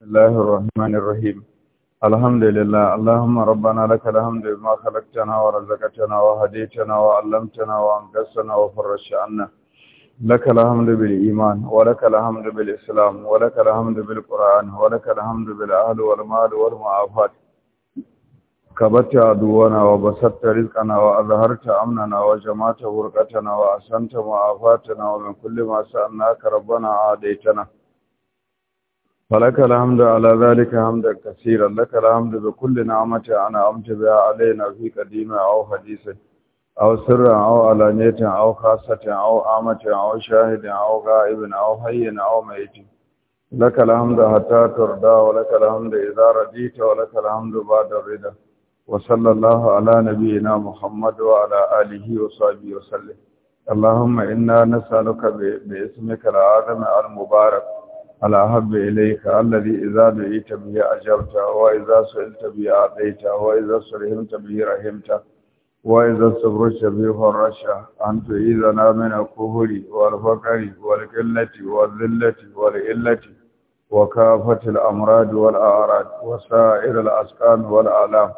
بسم الله الرحمن الرحيم الحمد لله اللهم ربنا لك الحمد بما خلقتنا ورزقتنا وهديتنا وعلمتنا وانقذتنا وفرجت عنا لك الحمد بالإيمان ولك الحمد بالإسلام ولك الحمد بالقرآن ولك الحمد بالأهل والمال والمعافات كبت عدونا وبسطت رزقنا وأظهرت أمننا وجمعت برقتنا وأحسنت معافاتنا ومن كل ما سألناك ربنا عاديتنا فلك الحمد على ذلك حمدا كثيرا لك الحمد بكل نعمة أنا أمت بها علينا في قديمة أو حديثة أو سرا أو علانية أو خاصة أو عامة أو شاهد أو غائب أو حي أو ميت لك الحمد حتى ترضى ولك الحمد إذا رضيت ولك الحمد بعد الرضا وصلى الله على نبينا محمد وعلى آله وصحبه وسلم اللهم إنا نسألك باسمك العظم المبارك الأحب إليك الذي إذا دعيت به أجبت وإذا سئلت به أعطيت وإذا سرهمت به رحمت وإذا استبرشت به فرشت أن تعيذنا من الكفر والفقر والقلة والذلة والإلة وكافة الأمراض والأعراض وسائر الأسكان والآلام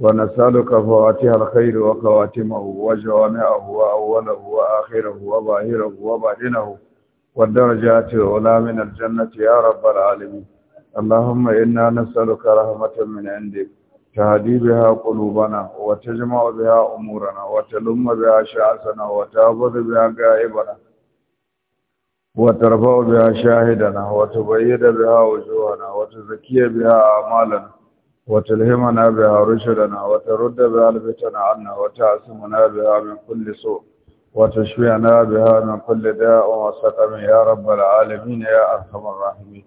ونسألك فواتح الخير وخواتمه وجوامعه وأوله وآخره وظاهره وباطنه Waɗanda waje a ce o laminan jannatin yaron bala'ani? Alhamma, ina nisa Luka rahmatanmu na inda yake. Ta hadu da haƙuri ba na. Wata jima'a bai ha'a umurana. Wata lum ma bai ha shahasana. Wata abubu bai ga aibana. Waɗar ba'u bai hashahidana. Wata ba'i da bai ha'uzunanana. Wata tsakiya bai ha'amalan. Wata lehima na bai harushe da na. Watar Ta asibiti na bai yi min kulle so. وتشفينا بها من كل داء وسقم يا رب العالمين يا أرحم الراحمين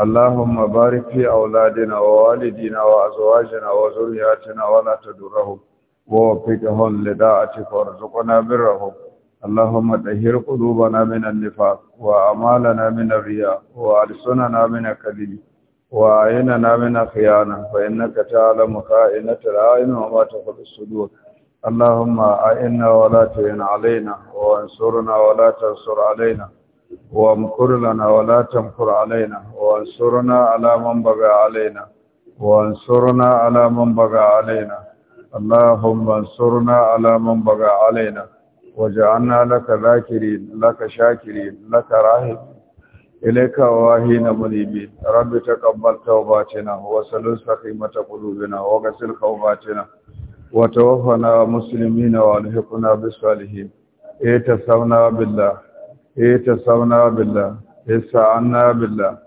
اللهم بارك في أولادنا ووالدينا وأزواجنا وزرياتنا ولا تدرهم ووفقهم لداعتك وارزقنا برهم اللهم تهير قلوبنا من النفاق وأعمالنا من الرياء وألسننا من الكذب وأعيننا من الخيانة فإنك تعلم خائنة العين وما تخفي الصدور اللهم أئنا ولا تعن علينا وانصرنا ولا تنصر علينا وامكر لنا ولا تمكر علينا وانصرنا على من بغى علينا وانصرنا على من بغى علينا اللهم انصرنا على من بغى علينا وجعلنا لك ذاكرين لك شاكرين لك راهب إليك واهين منيبين رب تقبل توباتنا وسلل سخيمة قلوبنا وغسل خوباتنا وتوفنا مسلمين والحقنا بالصالحين اتصلنا بالله اتصلنا بالله استعنا بالله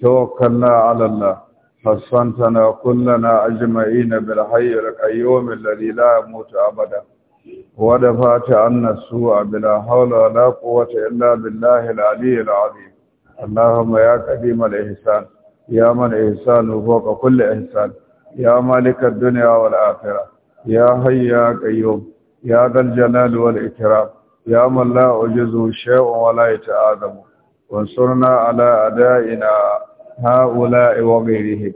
توكلنا على الله حصنتنا كلنا اجمعين بالحي القيوم الذي لا يموت ابدا ودفعت عنا السوء بلا حول ولا قوه الا بالله العلي العظيم اللهم يا قديم الاحسان يا من احسانه فوق كل احسان يا مالك الدنيا والاخره يا حي يا قيوم يا ذا الجلال والإكرام يا من لا أعجزه شيء ولا يتآدم وانصرنا على أدائنا هؤلاء وغيرهم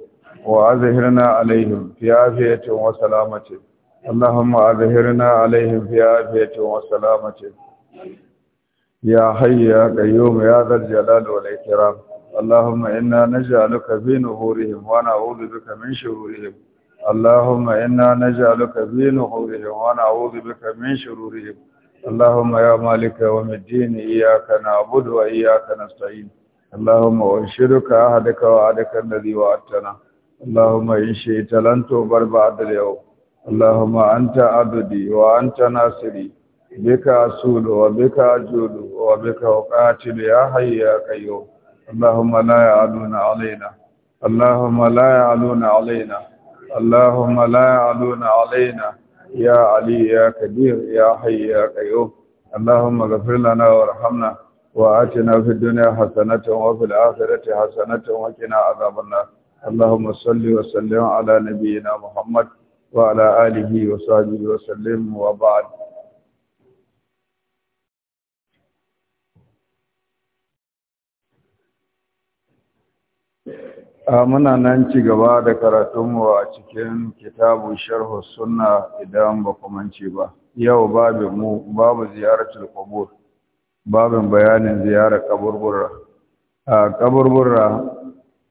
وأظهرنا عليهم في عافية وسلامة اللهم أظهرنا عليهم في عافية وسلامة يا حي يا قيوم يا ذا الجلال والإكرام اللهم إنا نجعلك في نهورهم ونعوذ بك من شرورهم اللهم إنا نجعلك في نحورهم ونعوذ بك من شرورهم اللهم يا مالك يوم الدين إياك نعبد وإياك نستعين اللهم أنشدك أهدك وعدك الذي وعدتنا اللهم إن شئت لن تغبر بعد اليوم اللهم أنت عبدي وأنت ناصري بك أسول وبك أجول وبك أقاتل يا حي يا قيوم اللهم لا يعلون علينا اللهم لا يعلون علينا اللهم لا يعلون علينا يا علي يا كبير يا حي يا قيوم اللهم اغفر لنا وارحمنا وآتنا في الدنيا حسنة وفي الآخرة حسنة وقنا عذاب النار اللهم صل وسلم على نبينا محمد وعلى آله وصحبه وسلم وبعد muna nan ci gaba da karatunmu a cikin kitabu sharhu sunna idan ba mance ba yau babu mu babu ziyaratul qubur babin bayanin ziyarar kaburbura a kaburbura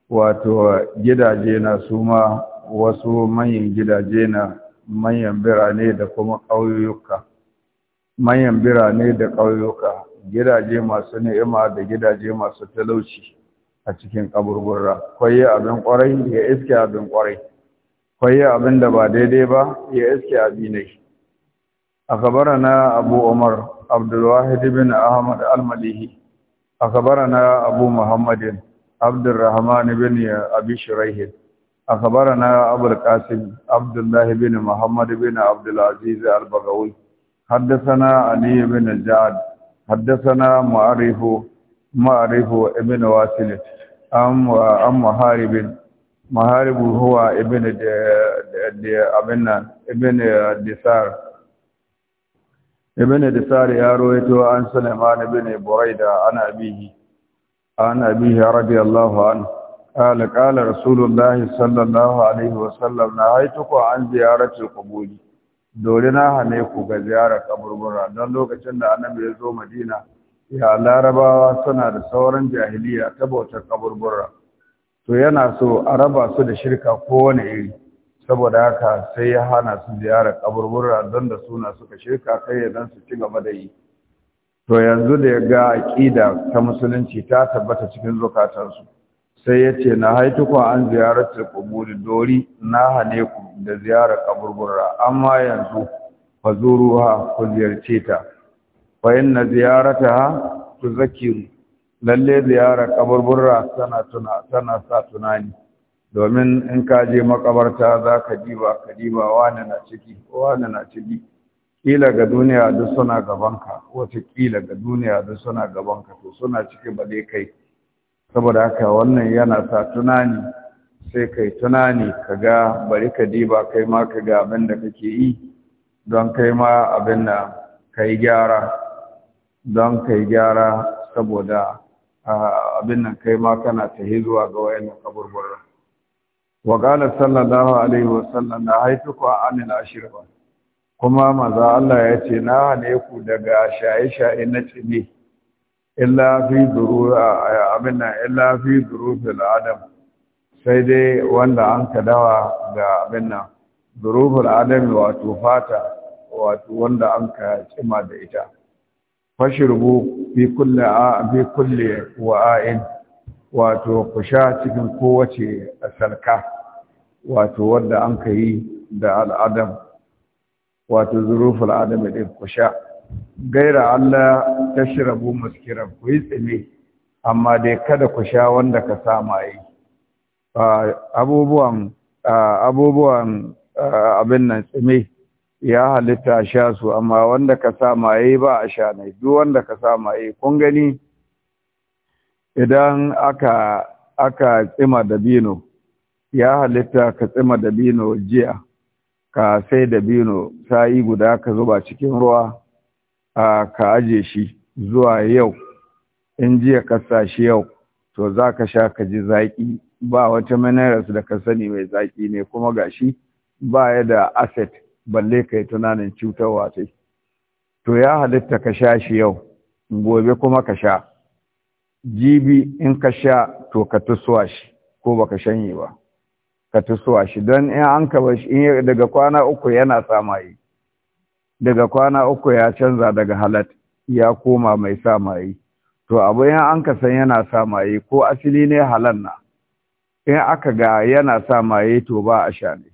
wato gidaje na suma wasu manyan gidaje na manyan birane da kuma ƙauyuka manyan birane da ƙauyuka gidaje masu ni'ima da gidaje masu talauci a cikin kaburburra koyi abin kwarai ya iske abin kwarai koyi abin da ba daidai ba ya iske abinai a kabara na abu umar abdullahi bin ahmad almalihi a kabara na abu muhammadin abdurrahman bin abi a kabara na abu kasim abdullahi bin muhammad bin abdulaziz albagawi haddasana ali bin jad haddasana ma'arifu ma'arifu wa ibn wasil am am huwa ibn da disar ibn disar ya an sulaiman ibn buraida ana abihi ana abihi radiyallahu anhu قال قال رسول الله صلى الله عليه وسلم نهيتكم عن زيارة القبور dole na hane ku ga ziyarar kaburbura don lokacin da annabi ya zo madina ya larabawa suna da sauran jahiliya ta bautar kaburbura to yana so a raba su da shirka kowane iri saboda haka sai ya hana su ziyarar kaburbura don da suna suka shirka kai ya dan su ci gaba da yi to yanzu da ya ga aƙida ta musulunci ta tabbata cikin zukatansu sai ya ce na haituku an ziyarar kuburi dori na hane ku da ziyarar kaburbura amma yanzu fa zuruha ku ziyarce ta fa ziyarata ha? tuzakiru lalle ziyara kaburburra tana tuna tana sa tunani domin in ka je makabarta za ka diba ka diba wani na ciki wani na ciki kila ga duniya duk suna gabanka wata kila ga duniya duk suna gabanka to suna ciki ba dai kai saboda haka wannan yana sa tunani sai kai tunani ka ga bari ka diba kai ma ka ga abin da kake yi don kai ma abin da gyara don kai gyara saboda abin nan kai ma kana yi zuwa ga wayannan kaburburan wa qala sallallahu alaihi wasallam na haifi kuwa amin ashirba kuma maza Allah ya ce na hane ku daga shaye-shaye na tsini illa fi duru abin nan illa fi duru fil adam sai dai wanda an ka dawa ga abin nan durufin adam wato fata wato wanda an ka cima da ita fashirbu bi kulli a bi kulli wa'in wato ku cikin kowace salka wato wanda an kai da al'adam wato zuruful adam din kusha gaira Allah tashrabu maskira ku yi tsime amma dai kada ku sha wanda ka sama yi abubuwan abubuwan abin nan tsime ya halitta a sha su amma wanda ka sa maye ba a sha ne duk wanda ka sa maye kun gani idan aka tsima dabino ya halitta ka tsima dabino jiya ka sai dabino sa'i guda ka zuba cikin ruwa a ka aje shi zuwa yau in jiya ka sa shi yau to za ka sha ka ji zaƙi ba wata minerals da ka sani mai zaƙi ne kuma gashi ba ya da asset balle yi tunanin cutar sai to ya halitta ka sha shi yau gobe kuma ka sha jibi in ka sha to ka tusuwa shi ko baka shanye ba ka tusuwa shi don in an ka shi. in daga kwana uku yana samayi daga kwana uku ya canza daga halat ya koma mai samayi to abu in an ka san yana samayi ko asili ne halanna na in aka ga yana samayi to ba a sha ne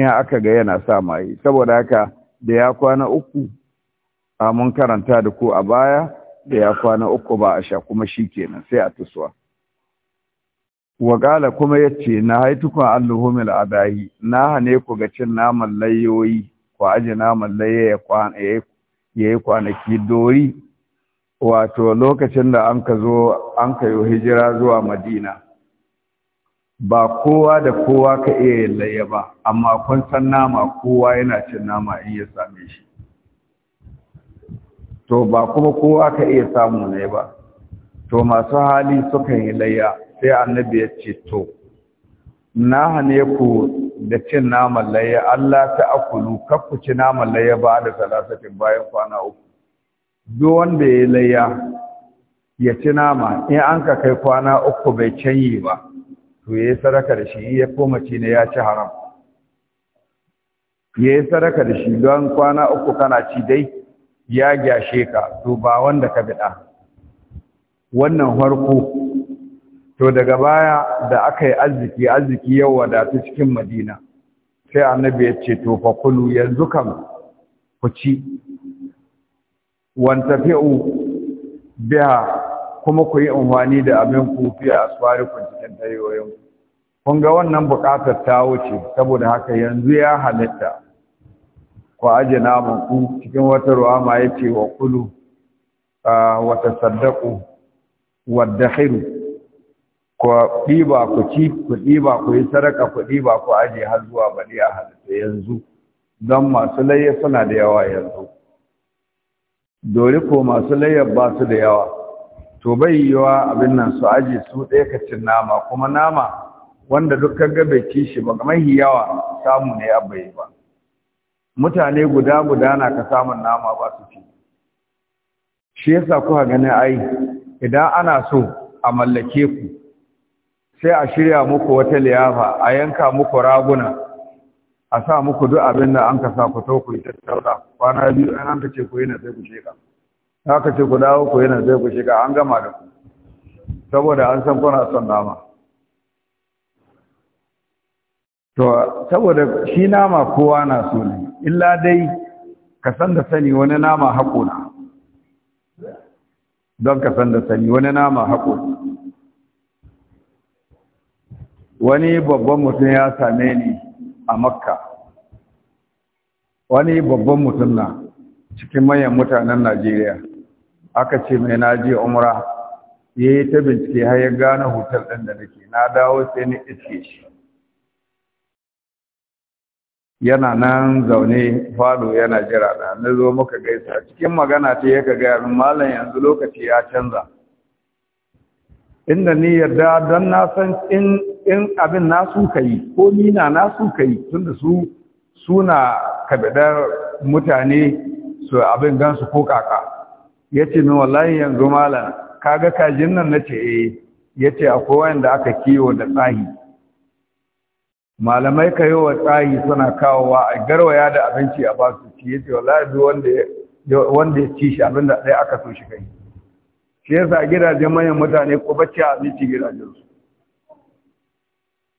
in aka ga yana sa maye saboda haka da ya kwana uku a mun karanta da ku a baya da ya kwana uku ba a sha kuma shi kenan sai a tusuwa Wakala kuma ya ce na haitukun alluhumil adahi na hane ku ga cin naman layoyi ku aji naman laye ya yi kwanaki dori wato lokacin da an ka zo an ka yi hijira zuwa madina ba kowa da kowa ka iya layya ba amma kun san nama kowa yana cin nama in ya same shi to ba kuma kowa ka iya samu ne ba to masu hali suka yi layya sai annabi ya ce to na hane ku da cin naman layya Allah ta akulu kar ku ci naman layya ba da salasatin bayan kwana uku duk wanda ya yi layya ya ci nama in an ka kai kwana uku bai canyi ba to ya sadaka da shi ya koma ci ne ya ci haram ya yi sadaka da shi don kwana uku kana ci dai ya gyashe ka to ba wanda ka biɗa wannan farko to daga baya da aka yi arziki arziki yau wadatu cikin madina sai annabi ya ce to fa kulu yanzu kam ku ci Wanta fi'u biha kuma ku yi amfani da abin ku fi ku cikin tayoyin kun ga wannan buƙatar ta wuce saboda haka yanzu ya halitta ku aje naman ku cikin wata ruwa ma ce wa kulu wata saddaku wadda hiru ku ɗiba ku ci ku ɗiba ku yi saraka, ku ɗiba ku aje har zuwa bari a halitta yanzu don masu layya suna da yawa yanzu dori ko masu layyar ba su da yawa to bai yiwa abin nan su ajiye su ɗaya ka cin nama kuma nama wanda duk kaga bai ci shi ba mahi yawa samu ne abu yi ba mutane guda guda na ka samun nama ba su ci shi yasa kuka ganin ai idan ana so a mallake ku sai a shirya muku wata liyafa a yanka muku raguna a sa muku duk abin da an ka sa ku to ku yi tattauna kwana biyu an ka ce ku yi na sai ku sheka haka ce ku dawo ku yana zai ku shiga an gama da ku saboda an san kuna son nama to saboda shi nama kowa na so ne illa dai ka san da sani wani nama haƙuna don ka san da sani wani nama haƙuna wani babban mutum ya same ni a makka wani babban mutum na cikin manyan mutanen najeriya aka ce mai na je umra ya yi ta bincike har ya gane hotel ɗin da nake na dawo sai ni iske shi yana nan zaune falo yana jira na na zo muka gaisa cikin magana ta yaka gaya min malam yanzu lokaci ya canza inda ni yarda don na san in abin na suka yi ko nina na suka yi tunda su suna kabidar mutane su abin gansu ko kaka ya ce min wallahi yanzu Ka kaga kajin nan na ce e ya ce akwai wanda aka kiwo da tsahi malamai ka yi wa tsahi suna kawowa a garwaya da abinci a basu ci ya ce wallahi zuwa wanda ya ci shi abin da ɗaya aka so shi kai shi yasa gidajen manyan mutane ko bacci abinci gidajensu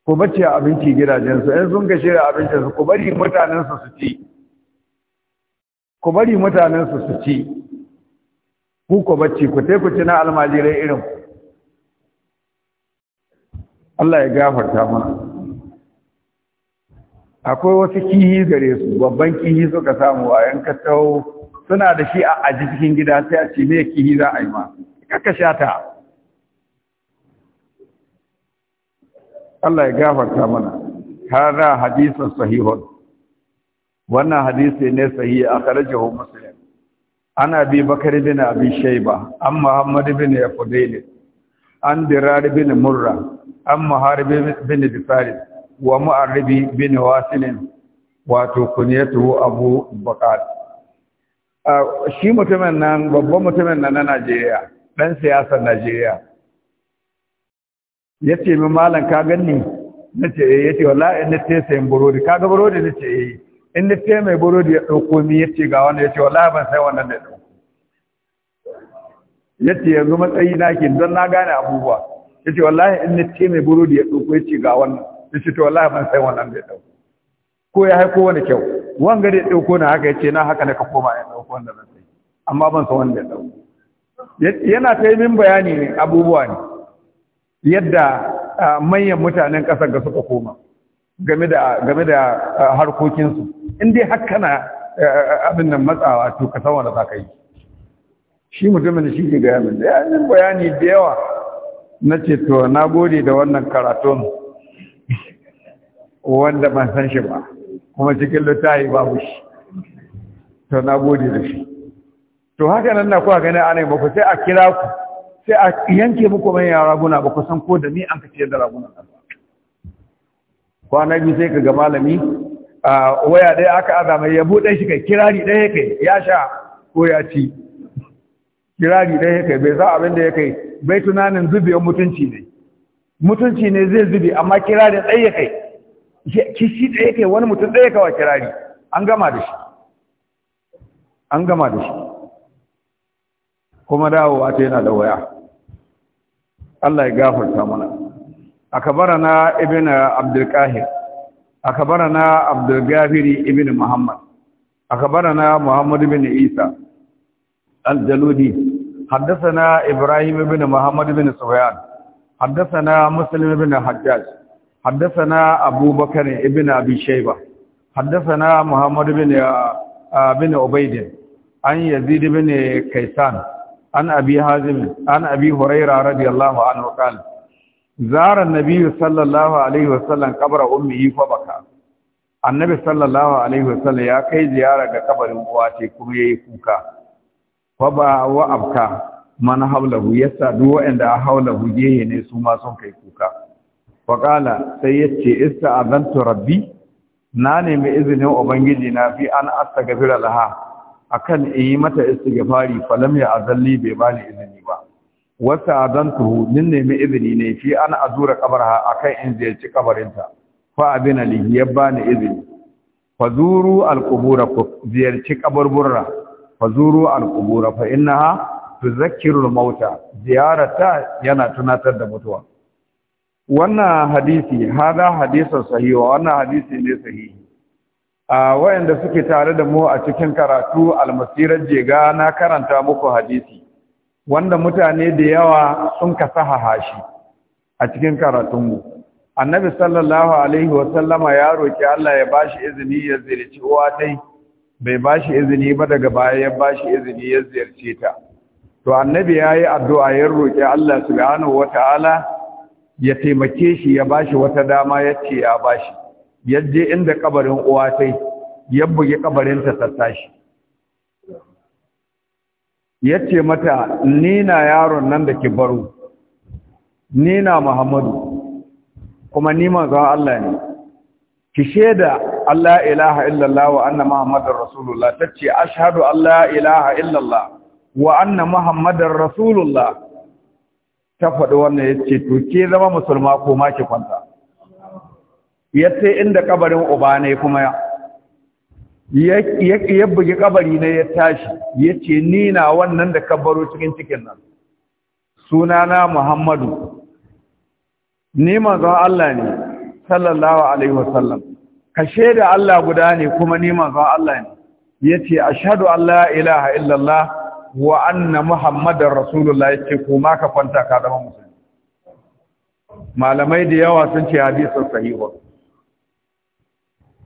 ko bacci abinci gidajensu in sun gashe da abincinsu ku bari mutanensu su ci ku bari mutanensu su ci ku ko bacci ku te ku ci na almajirai irin ku Allah ya gafarta mana akwai wasu kihi gare su babban kihi suka samu a yan kattau suna da shi a aji cikin gida sai a ce me kihi za a yi ma kaka sha ta Allah ya gafarta mana hada hadisin sahihun wannan hadisi ne sahihi akhrajahu muslim ana bi bakar bin abi shaiba an muhammad bin yafudail an dirar bin murra an muharib bin bisari wa mu'arribi bin wasilin wato kunyatu abu bakar shi mutumin nan babban mutumin nan na Najeriya dan siyasar Najeriya Ya ce min malam ka ganni nace eh yace wallahi nace sayin burodi Ka ga burodi nace eh in da mai burodi ya ɗauko mi ya ce ga wanda ya ce wala ban sai wannan da ɗauko ya ce yanzu matsayi na ke don na gane abubuwa ya ce wallahi in na ce mai burodi ya ɗauko ya ce ga wannan ya ce to wallahi ban sai wannan da ɗauko ko ya haiko wani kyau wanga da ya ɗauko na haka ya ce na haka ne ka koma ya ɗauko wanda zan sai amma ban san wanda ya ɗauko yana ta yi min bayani ne abubuwa ne yadda ah, manyan mutanen ƙasar ga suka koma game da uh, harkokinsu in dai har kana uh, uh, abin nan matsawa to ka san wanda za ka yi shi mutumin shi ke gaya min da ya yi bayani da yawa na ce to na gode da wannan karatun wanda ban san shi ba kuma cikin littafi babu shi to na gode da shi to haka nan na kuwa gani ana ba ku sai a kira ku sai a yanke muku mai yara raguna ba ku san ko da ni an kace da raguna ba kwana biyu sai ka ga malami a waya ɗaya aka aza mai ya buɗe shi kai kirari ɗaya kai ya sha ko ya ci kirari ɗaya kai bai za abin da ya kai bai tunanin zubewar mutunci ne mutunci ne zai zube amma kirari ɗaya kai shi ɗaya kai wani mutum ɗaya kawai kirari an gama da shi an gama da shi kuma dawowa ta yana da waya Allah ya gafarta mana أكبرنا ابن عبد القاهر أكبرنا عبد الغافر ابن محمد أكبرنا محمد بن عيسى الجلودي حدثنا إبراهيم بن محمد بن سفيان حدثنا مسلم بن حجاج حدثنا أبو بكر ابن أبي شيبة حدثنا محمد بن بن عبيد عن يزيد بن كيسان عن أبي هازم عن أبي هريرة رضي الله عنه قال zarar Nabiyu sallallahu alaihi wasallam kabara ummihi fa baka annabi sallallahu alaihi wasallam ya kai ziyara ga kabarin uwa ce kuma yayi kuka faba wa abka man haulahu yasa duk wanda haulahu jehe ne su ma sun kai kuka fa sai yace ista'azantu rabbi na nemi izinin ubangiji na fi an astaghfira laha akan in yi mata istighfari falam ya azalli bai bani izini ba wata adantuhu nin nemi izini ne fi an azura kabarha akan in ziyarci kabarinta fa abin ali ya bani izini zuru fazuru alqubura ku ziyarci kaburburra fazuru alqubura fa innaha tuzakkiru almauta ziyarata yana tunatar da mutuwa wannan hadisi hada hadisin sahihi wannan hadisi ne sahihi a wayanda suke tare da mu a cikin karatu almasirar jega na karanta muku hadisi wanda mutane da yawa sun ka sahaha shi a cikin karatunmu annabi sallallahu alaihi wasallama ya roƙi Allah ya bashi izini ya ziyarci uwa tai bai bashi izini ba daga baya ya bashi izini ya ziyarce ta to annabi ya yi addu'a ya roki Allah subhanahu wataala ya taimake shi ya bashi wata dama ya yace ya bashi yaje inda kabarin uwa tai ya buge kabarin ta tashi. Ya ce mata ni na yaron nan da ke baro ni na Muhammadu kuma ni manzon Allah ne ki shaida Allah ilaha illallah wa anna Muhammadar rasulullah tace ashhadu Allah ilaha illallah wa anna Muhammadar rasulullah ta faɗi wannan yace to ke zama musulma ko ma ki kwanta yace inda kabarin uba ne kuma ya bugi kabari na ya tashi ya ce ni na wannan da kabaro cikin cikin nan sunana muhammadu ni manzon Allah ne sallallahu alaihi wasallam ka shaida Allah guda ne kuma ni manzon Allah ne yace ashhadu an la ilaha illallah wa anna muhammadar rasulullah yace kuma ka kwanta ka zama musulmi malamai da yawa sun ce hadisin sahihu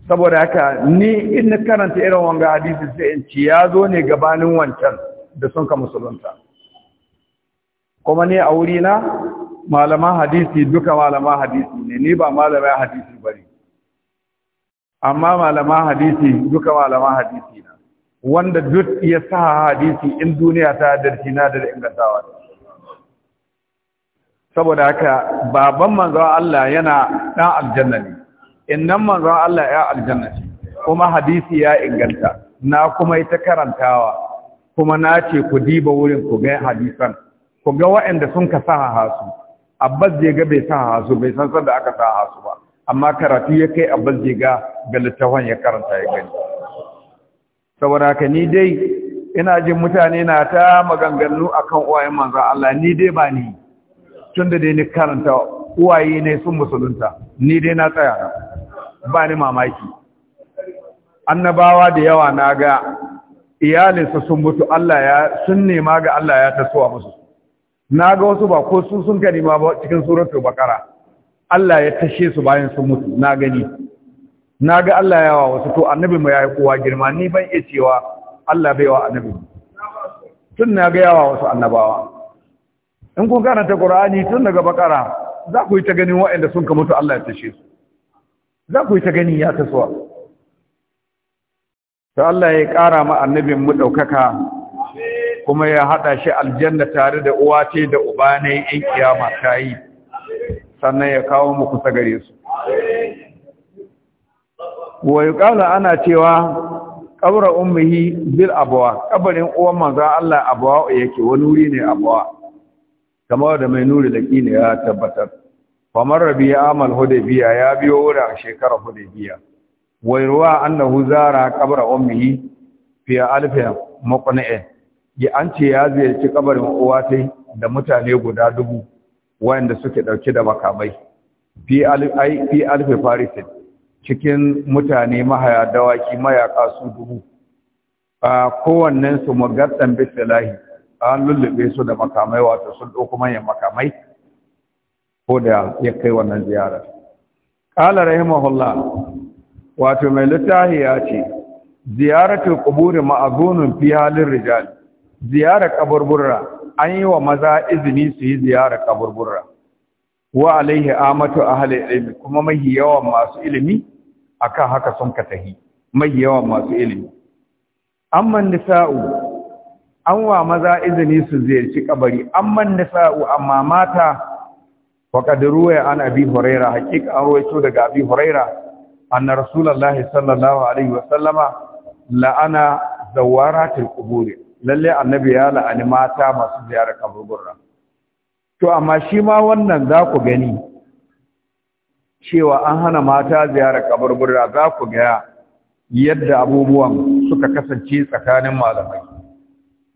saboda haka ni in na karanta irin wanga hadisi sai in ci ya zo ne gabanin wancan da sun ka musulunta kuma ni a wurina malaman hadisi duka malaman hadisi ne ni ba malaman hadisi bari amma malaman hadisi duka malaman hadisi na wanda duk ya sa hadisi in duniya ta darci na da ingantawa saboda haka baban manzo Allah yana dan aljanna ne innan manzon Allah ya aljanna kuma hadisi ya inganta na kuma ita karantawa kuma na ce ku diba wurin ku ga hadisan ku ga waɗanda sun ka saha hasu. abbas je ga bai saha hasu, bai san sanda aka saha hasu ba amma karatu ya kai abbas je ga ga littafin ya karanta ya gani saboda ka ni dai ina jin mutane na ta maganganu akan uwayen manzon Allah ni dai ba ni tunda dai ni karanta uwaye ne sun musulunta ni dai na tsaya ba ni mamaki annabawa da yawa na ga iyalinsa sun mutu Allah ya sun nema ga Allah ya tasowa musu na ga wasu ba ko su sun gani ma ba cikin suratul baqara Allah ya tashe su bayan sun mutu na gani na ga Allah ya wa wasu to annabi mu yayi kowa girma ni ban iya cewa Allah bai wa annabi tun na ga yawa wasu annabawa in kun karanta Qur'ani tun daga Baqara za ku yi ta ganin waɗanda sun ka mutu Allah ya tashe su za ku yi ta ganin ya tasowa ta Allah ya ƙara ma annabin mu ɗaukaka kuma ya haɗa shi aljanna tare da uwa ce da uba ne in kiyama ta yi sannan ya kawo mu kusa gare su wa ƙala ana cewa ƙabar ummihi bil abuwa kabarin uwan manzan Allah abuwa yake wani wuri ne abuwa kamar da mai nuri da ƙi ne ya tabbatar famar rabi ya amal biya ya biyo wuri a shekarar biya. Wai ruwa annahu zara kabar ummihi fiye alfiya maqna'a ya an ce ya ziyarci kabarin uwa sai da mutane guda dubu wayanda suke ɗauki da makamai fi alfi farisit cikin mutane mahaya dawaki mayaka su dubu a kowannensu su mugaddan bisalahi an lullube su da makamai wato sun ɗauko manyan makamai ko da ya kai wannan ziyarar Ƙala rahimahullah wato mai littafi ya ce ziyaratu quburi ma'azunun fi halin rijal Ziyara kaburburra an yi wa maza izini su yi ziyara kaburburra wa alaihi amatu a hali ilimi kuma mahi yawan masu ilimi akan haka sun katahi mahi yawan masu ilimi Amman nisa'u an wa maza izini su ziyarci kabari An nisa'u amma mata faqad ruwaya an abi huraira hakika an ruwaito daga abi huraira anna rasulullahi sallallahu alaihi wa sallama la'ana zawaratil quburi lalle annabi ya la'ani mata masu ziyarar kaburburra to amma shi ma wannan za ku gani cewa an hana mata ziyarar kaburburra za ku ga yadda abubuwan suka kasance tsakanin malamai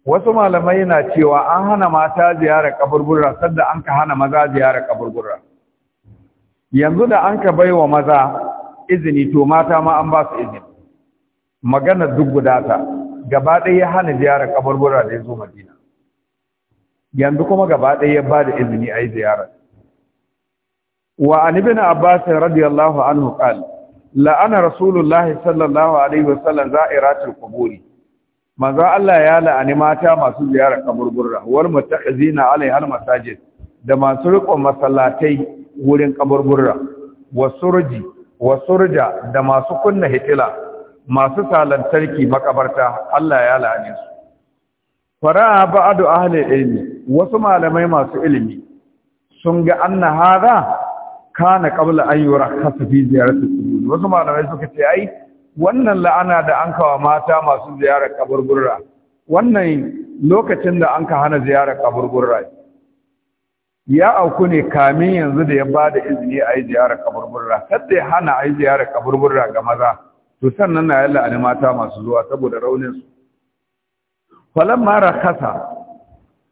wasu malamai na cewa an hana mata ziyarar kaburbura sadda an ka hana maza ziyarar kaburbura yanzu da an ka baiwa maza izini to mata ma an ba su izini magana duk guda ta gaba ɗaya ya hana ziyarar kaburbura da ya zo madina yanzu kuma gaba ɗaya ya ba da izini a yi ziyarar wa an ibn abbas radiyallahu anhu qala la'ana rasulullahi sallallahu alaihi wasallam za'iratul quburi manzo Allah ya la'ani mata masu ziyara kaburburra wal muttaqizina alai har masajid da masu riko masallatai wurin kaburburra wasurji wasurja da masu kunna hitila masu salantarki makabarta Allah ya la'ani su fara ba'du ahli ilmi wasu malamai masu ilimi sun ga anna hada kana qabla ayyura yura fi ziyarati wasu malamai suka ce ai wannan la'ana da an kawa mata masu ziyarar kaburbura wannan lokacin da an ka hana ziyarar kaburbura ya auku ne kamin yanzu da ya ba da izini a yi ziyarar kaburbura sadda ya hana a yi ziyarar kaburbura ga maza to sannan na yalla ani mata masu zuwa saboda raunin su falan mara kasa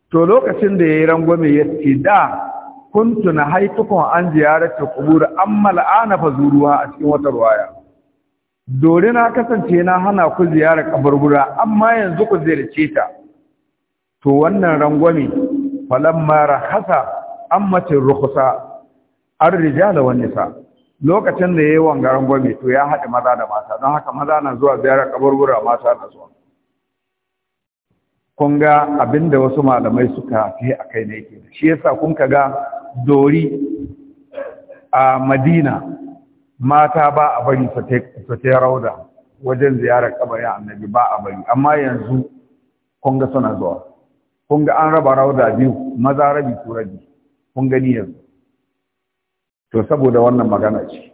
to lokacin da ya yi rangwame ya ce da kuntuna haitukun an ziyarar ta kubura amma la'ana fa zuruwa a cikin wata ruwaya dore na kasance na hana ku ziyarar kaburbura amma yanzu ku ziyarce ta to wannan rangwame falamma rahasa ammatin an ar da wan nisa lokacin da yayi wanga rangwami to ya haɗe maza da mata don haka maza na zuwa ziyarar kaburbura mata na zuwa kun ga abinda wasu malamai suka fi a kai ne yake? shi yasa kun ga dori a madina mata ba a bari su ta rauda wajen ziyarar kabarin annabi ba a bari amma yanzu kun ga suna zuwa kun ga an raba rauda biyu maza rabi su rabi kun gani yanzu to saboda wannan magana ce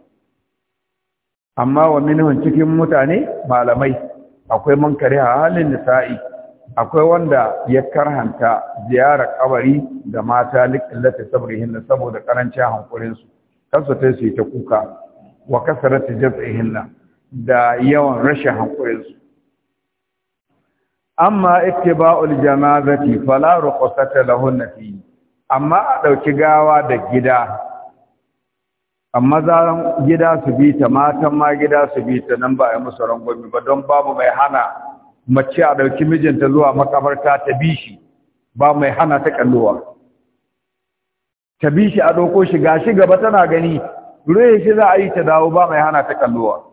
amma wa minhun cikin mutane malamai akwai munkari a halin nisa'i akwai wanda ya karhanta ziyarar kabari da mata likillata sabrihin saboda karancin su kansu ta su ta kuka wa kasarati jaz'ihinna da yawan rashin hankulinsu amma ittiba'ul janazati fala ruqsata lahun fi amma a dauki gawa da gida amma zaran gida su bi ta matan ma gida su bi ta nan ba ai musu rangwami ba don babu mai hana mace a dauki mijinta zuwa makabarta ta bi shi ba mai hana ta kalluwa ta bi shi a doko shi gashi gaba tana gani ya shi za a yi ta dawo ba mai hana ta kalluwa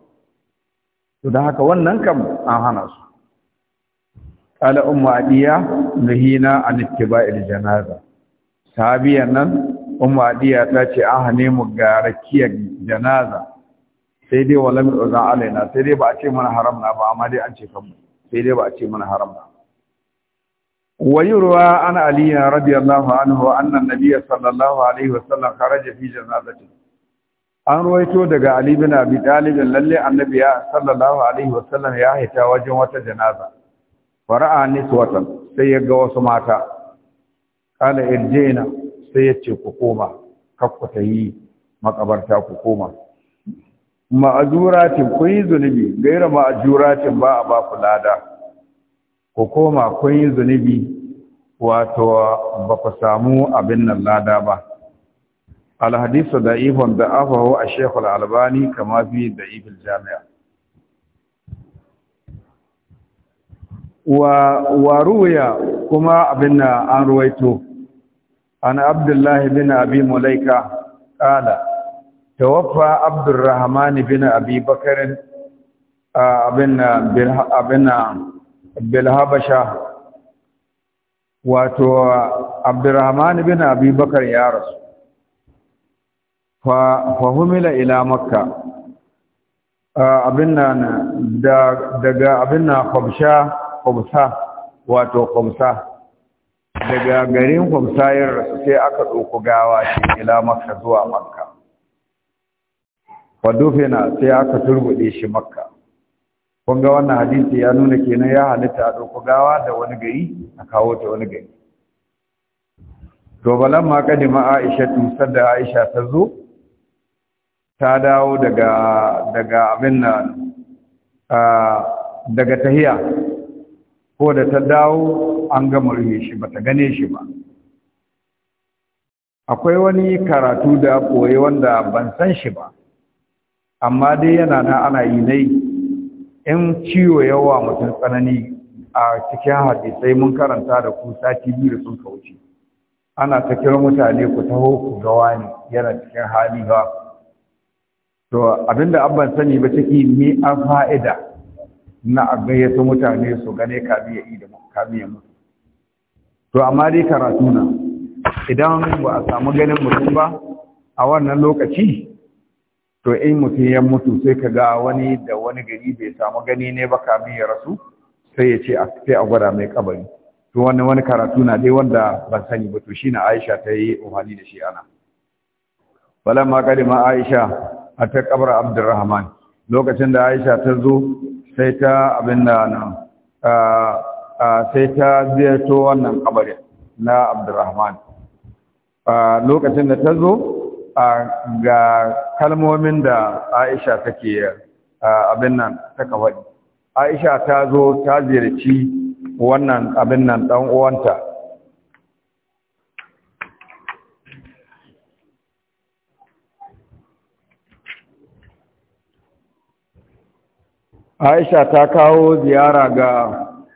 to da haka wannan kam an hana su qala ummu adiya nahina an ittiba'il janaza sahabiyan nan ummu adiya ta ce an hane mu ga rakiyar janaza sai dai walam uzan alaina sai dai ba a ce mana haram na ba amma dai an ce kanmu sai dai ba a ce mana haram na ويروى عن علي رضي الله عنه أن النبي صلى الله عليه وسلم خرج في جنازته an ruwaito daga Ali bin Abi Talib lalle annabi ya sallallahu alaihi wasallam ya haita wajen wata janaza fara'a niswatan sai ya ga wasu mata kana irjina sai ya ce ku koma ta yi makabarta ku koma ma'azuratin kun yi zunubi gaira ma'azuratin ba a ba ku lada ku koma kun yi zunubi wato ba ku samu abin nan lada ba alhadisa da ihon da afawo a shekul albani kama fi da ifil jami'a wa ruwaya kuma abin na an ruwaito an abdullahi bin abi mulaika kala ta wafa abdurrahman bin abi bakarin abin na abin na bilhabasha wato abdurrahman bin abi bakar ya rasu fa humila ila makka abin nan daga abin nan kwamsha kwamsa wato kwamsa daga garin kwamsa yin rasu sai aka ɗauku gawa shi ila makka zuwa makka fadufina sai aka turbude shi makka kun ga wannan hadisi ya nuna kenan ya halitta a ɗauku gawa da wani gari a kawo ta wani gari to balan ma kadima aisha tun sadda aisha ta zo ta dawo daga daga abin nan daga tahiya ko da ta dawo an gama rufe shi ba ta gane shi ba akwai wani karatu da koyi wanda ban san shi ba amma dai yana nan ana yi nai in ciwo yawa mutum tsanani a cikin hadisai mun karanta da ku sati biyu da sun kauce ana ta kira mutane ku taho ku gawa yana cikin hali ba to abinda abban sani ba ciki mi an fa'ida na agayyata gayyato mutane su gane kabiya yi mutu to amma dai karatu na idan ba a samu ganin mutum ba a wannan lokaci to in mutum ya mutu sai ka ga wani da wani gari bai samu gani ne ba kamin ya rasu sai ya ce sai a gwada mai kabari to wannan wani karatu na dai wanda ban sani ba to shine Aisha ta yi umarni da shi ana balamma kadima Aisha a ta kabar abdurrahman lokacin da aisha ta zo sai ta abin da a sai ta ziyarto wannan kabarin na abdurrahman lokacin da ta zo ga kalmomin da aisha take abin nan ta kawai aisha ta zo ta ziyarci wannan abin nan dan uwanta aisha ta kawo ziyara ga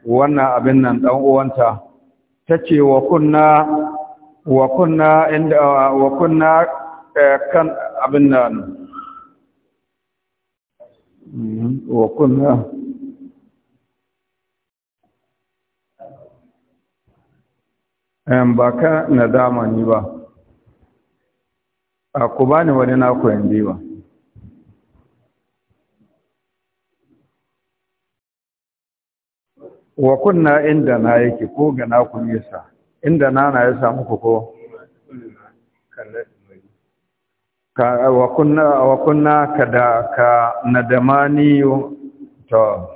wannan abin nan dan uwanta ta ce wa kunna wa kunna inda wa kunna eh, kan abin nan mhm, wa kunna ba ka nadama ni ba a ku bani wani naku yanzu ba wa kunna inda na yake ko ga na ku nesa inda na na ya samu ku ko wa kunna wa kunna kada ka nadamani to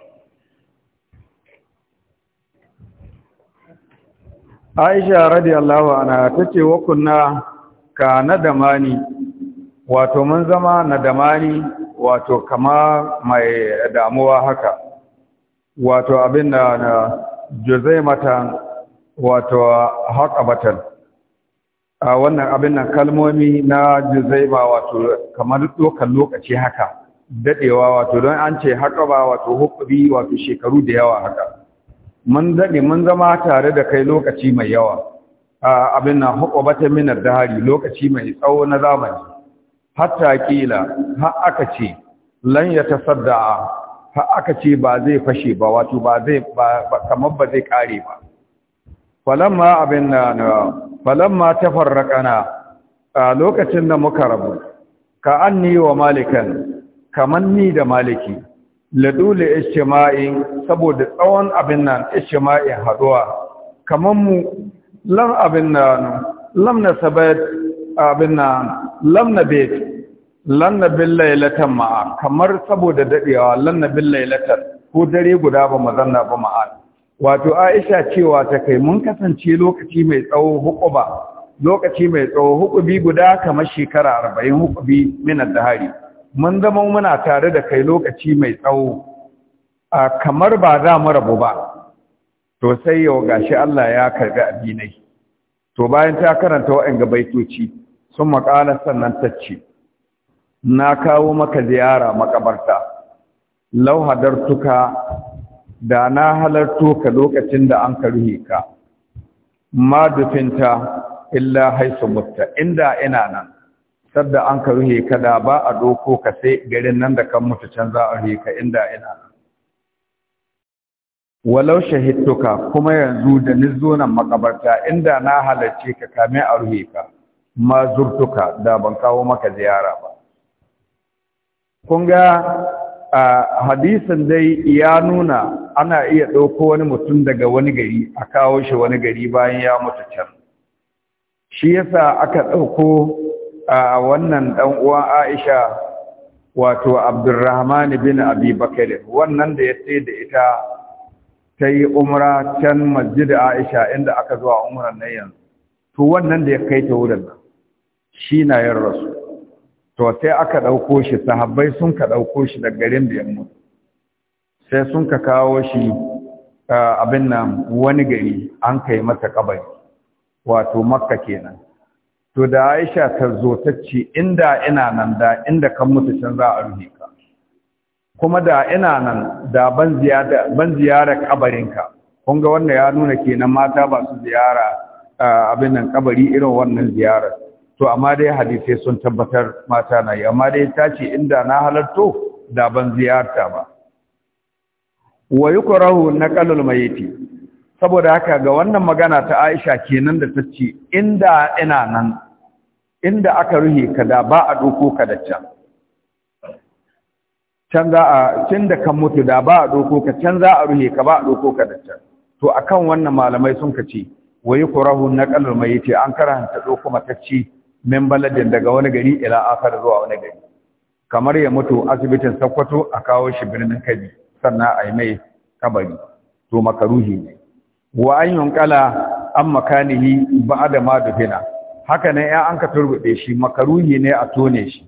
Aisha radiyallahu anha tace wa kunna ka nadamani wato mun zama nadamani wato kama mai damuwa haka wato abin na na juzaimatan wato haƙabatan a wannan abin nan kalmomi na juzaima wato kamar ɗaukan lokaci haka daɗewa wato don an ce ba wato hukubi wato shekaru da yawa haka mun daɗe mun zama tare da kai lokaci mai yawa A abin nan bata minar dahari lokaci mai tsawo na zamani hatta kila har aka ce lan ya har aka ce ba zai fashe ba wato ba zai kamar ba zai kare ba falamma abin na falamma tafarraqana a lokacin da muka rabu ka anni wa malikan kaman ni da maliki ladule ishma'i saboda tsawon abin nan ishma'i haduwa kaman mu lam abin nan lam nasabat abin nan lam nabit lannabin lailatan ma'a kamar saboda dadewa lannabin lailatan ko dare guda ba mu zanna ba ma'a wato Aisha cewa ta kai mun kasance lokaci mai tsawo ba lokaci mai tsawo bi guda kamar shekara 40 hukubi min dahari mun zama muna tare da kai lokaci mai tsawo kamar ba za mu rabu ba to sai yau gashi Allah ya karbi abinai to bayan ta karanta wa'anga baitoci sun maƙala sannan tacce na kawo maka ziyara makabarta lau hadartuka da na halarto ka lokacin da an karhe ka ma dufinta illa haisu mutta inda ina nan sadda an karhe ka da ba a doko ka sai garin nan da kan mutu can za a rhe ka inda ina nan walau shahidtuka kuma yanzu da nizo nan makabarta inda na halarce ka kame a ruhe ka ma zurtuka da ban kawo maka ziyara ba kun ga hadisin dai ya nuna ana iya ɗauko wani mutum daga wani gari a kawo shi wani gari bayan ya mutu can shi yasa aka ɗauko a wannan ɗan uwan aisha wato abdurrahman bin abi bakare wannan da ya ce da ita ta yi umra can masjid aisha inda aka zuwa umran nan yanzu to wannan da ya kai ta wurin nan shi na yin rasu to sai aka ɗauko shi sahabbai sun ka ɗauko shi daga garin da yamma sai sun ka kawo shi abin nan wani gari an kai masa kabari wato makka kenan to da aisha ta zo ta ce inda ina nan da inda kan mutu can za a rufe ka kuma da ina nan da ban ziyara ban ziyara kabarinka kun ga wannan ya nuna kenan mata ba su ziyara abin nan kabari irin wannan ziyarar to amma dai hadisai sun tabbatar mata na yi amma dai ta ce inda na halarto da ban ziyarta ba wa yukrahu naqalul mayiti saboda haka ga wannan magana ta Aisha kenan da ta ce inda ina nan inda aka ruhe ka da ba a doko ka da can can za a can da kan mutu da ba a doko ka can za a ruhe ka ba a doko ka da can to akan wannan malamai sun ka ce wa yukrahu naqalul mayiti an karanta doko ce min baladin daga wani gari ila akar zuwa wani gari kamar ya mutu asibitin sakwato a kawo shi birnin Kabi sannan a yi mai kabari to makaruhi ne wa an yunkala an makanihi da ma dufina haka nan ya an ka turbude shi makaruhi ne a tone shi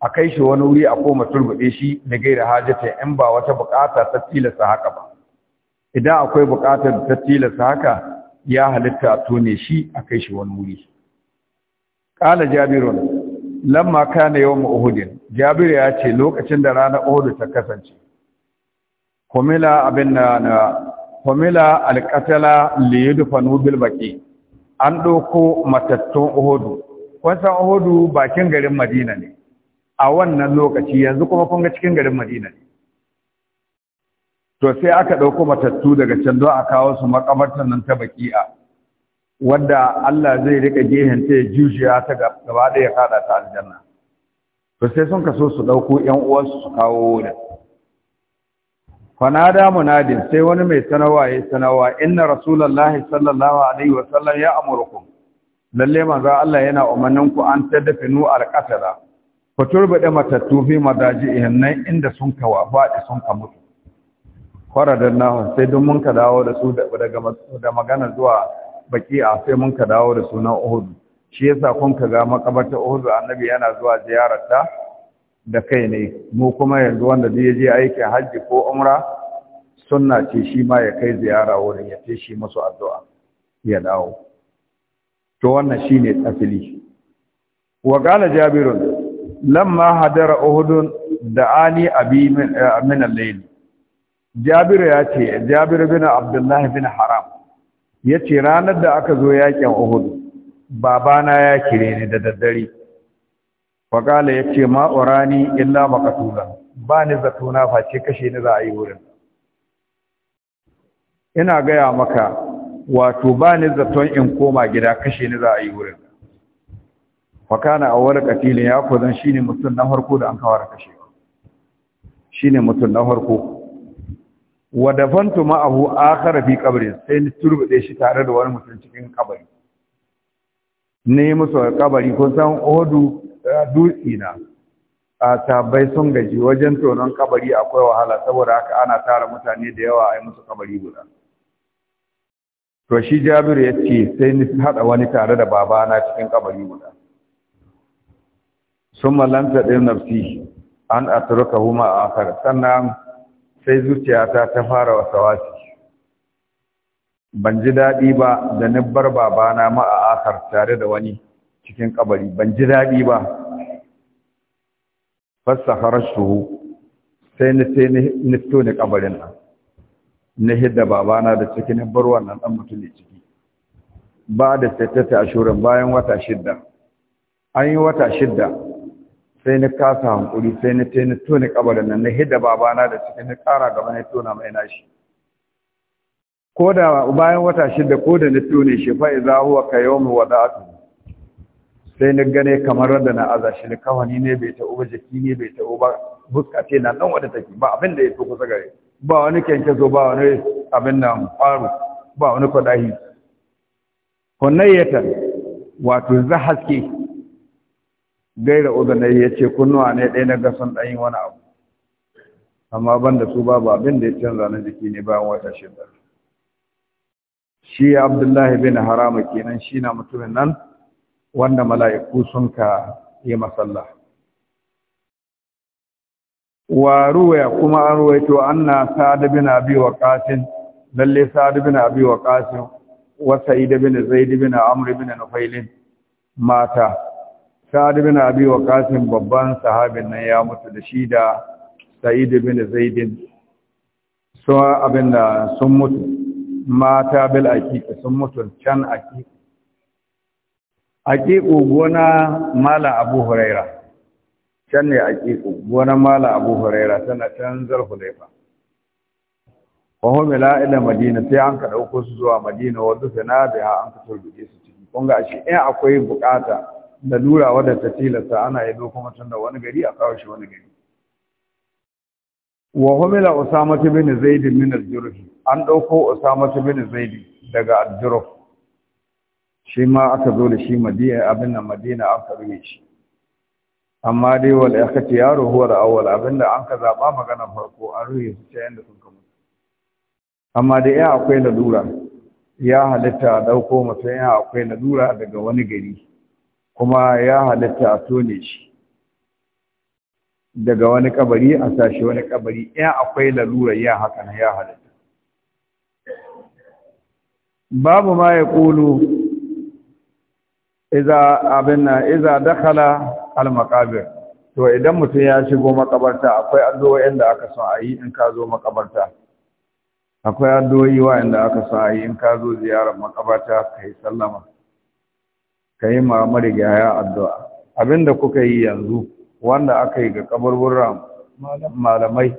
a kai shi wani wuri a koma turbude shi da gaira hajata in ba wata bukata ta tilasta haka ba idan akwai bukatar ta tilasta haka ya halitta a tone shi a kai shi wani wuri Ƙala Jabirun, lamma kana yawan Uhudin, Jabir ya ce lokacin da ranar Uhud ta kasance. Kumila abin na na, kumila alƙatala liyu fanu bilbaƙi, an ɗauko matattun Uhudu. Kwansan Uhudu bakin garin Madina ne, a wannan lokaci yanzu kuma kun ga cikin garin Madina ne. To sai aka ɗauko matattu daga can don a kawo su makamartan nan ta baƙi'a. wadda Allah zai rika gehen ta jujiya ta gaba da ya kada ta aljanna to sai sun kaso su dauko ƴan uwansu su kawo wurin fanada munadin sai wani mai sanawa ya sanawa inna rasulullahi sallallahu alaihi wa sallam ya amurku lalle manzo Allah yana umarnin ku an tadafinu alqatala ku da matattu fi madaji nan inda sun kawa da sun ka mutu faradan nahu sai dun mun ka dawo da su daga da magana zuwa Baki baki'a sai mun ka dawo da sunan Uhud shi yasa kun ka ga makabarta Uhud annabi yana zuwa ziyararta da kai ne mu kuma yanzu wanda zai je aikin hajji ko umra sunna ce shi ma ya kai ziyara wurin ya ce shi musu addu'a ya dawo to wannan shine tsafili wa qala jabirun lamma hadara uhud ani abi min al-layl jabir ya ce jabir bin abdullah bin haram ya ce ranar da aka zo yakin Uhud babana ya kire ni da daddare faƙala ya ce ma'urani illa makatula ba ni zatona face kashe ni za a yi wurin ina gaya maka wato ba ni zaton in koma gida kashe ni za a yi wurin faƙana a wani katilin ya kuzan shi ne mutum na farko da an kawar kashe shi ne mutum na farko wa dafantu ma'ahu akhara fi qabri sai ni turbude shi tare da wani mutum cikin kabari ne musu kabari kun san odu dutsi na a tabbai sun gaji wajen tonon kabari akwai wahala saboda haka ana tara mutane da yawa a yi musu kabari guda to shi jabiru ya ce sai ni hada wani tare da babana cikin kabari guda sun malanta ɗin nafsi an a turka huma a akar sannan sai zuciyata ta fara wasawasi ban ji daɗi ba da nabbar babana ma'a'akar tare da wani cikin kabari ban ji daɗi ba fassahararsu sai ni sai ni fito ni kabarin nan na hidda babana da cikin nabbar wannan ɗan mutum ne ciki ba da tattata shurin bayan wata shidda an yi wata shidda sai na kasa hankuri sai na tai na tone kabarin nan na hidda babana da cikin na kara gaba na tona mai nashi ko da bayan wata shida ko da na tone shi fa iza huwa ka yawmi wada'atu sai na gane kamar da na aza shi ne kawani ne bai ta'u ba jiki ne bai ta'u ba huska ce na nan wadda take ba abin da ya fi saka ne ba wani kyanke zo ba wani abin nan faru ba wani kwadahi hunnayyatan wato za haske gaira udanai ya ce kunnuwa ne ɗaya na gasan ɗanyi wani abu amma ban da su babu abin da ya canza na jiki ne bayan wata shida shi abdullahi bin harama kenan shi na mutumin nan wanda mala'iku sun ka yi masalla wa ruwaya kuma an ruwaito na sa'adu bin abi waqasin lalle sa'adu bin abi waqasin wa sa'id bin zai bin amr bin nufailin mata sa'ad bin abi waqas babban sahabin nan ya mutu da shi da sa'id bin zaidin so abin da sun mutu mata bil aƙiƙa sun mutu can aƙiƙa aƙiƙo gona mala abu huraira can ne aƙiƙo gona mala abu huraira tana can laifa fahimila ila madina sai an ka ɗauko su zuwa madina wadda sana da ya an ka turbuke su ciki ƙunga shi ashe akwai buƙata. da lura wadda ta tilasta ana yi kuma tun da wani gari a kawo shi wani gari wa humila usama bin zaid min al-jurh an dauko usama bin zaid daga al-jurh shi ma aka zo da shi madina abin nan madina aka rufe shi amma dai wal yaro huwa al-awwal abinda an ka zaba magana farko an rufe su ta yanda sun kamu amma dai ya akwai lalura ya halitta dauko mutum ya akwai lalura daga wani gari kuma ya halitta a tone shi daga wani kabari a sashi wani kabari in akwai lalura ya haka na ya halatta babu ma ya ƙulu iza abin na iza to idan mutum ya shigo makabarta akwai addu'o'i da aka so a yi in ka zo makabarta akwai addu'o'i wa wa'anda aka so a yi in ka zo ziyarar makabarta ka yi sallama ka yi ma marigaya addu'a abinda kuka yi yanzu wanda aka yi ga kaburburan malamai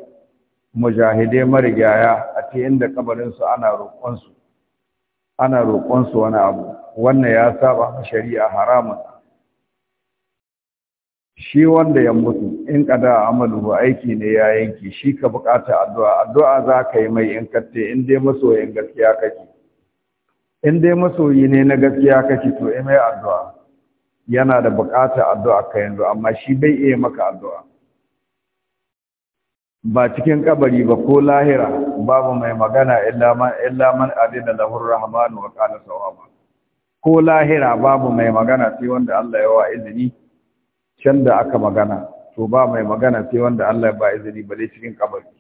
mujahide marigaya a ce inda kabarinsu ana roƙonsu ana roƙonsu wani abu wannan ya saba a shari'a haramun shi wanda ya mutu in kada amalu ba aiki ne ya yanki shi ka bukata addu'a addu'a za ka yi mai in katte in dai masoyin gaskiya kake in dai masoyi ne na gaskiya kake to yi eh, mai addu'a yana da buƙatar addu'a ka yanzu amma shi bai iya maka addu'a ba cikin kabari ba ko lahira babu mai magana illa man adina lahur rahman wa qala sawaba ko lahira babu mai magana sai wanda Allah ya wa izini can da aka magana to ba mai magana sai wanda Allah ya ba izini bale cikin kabari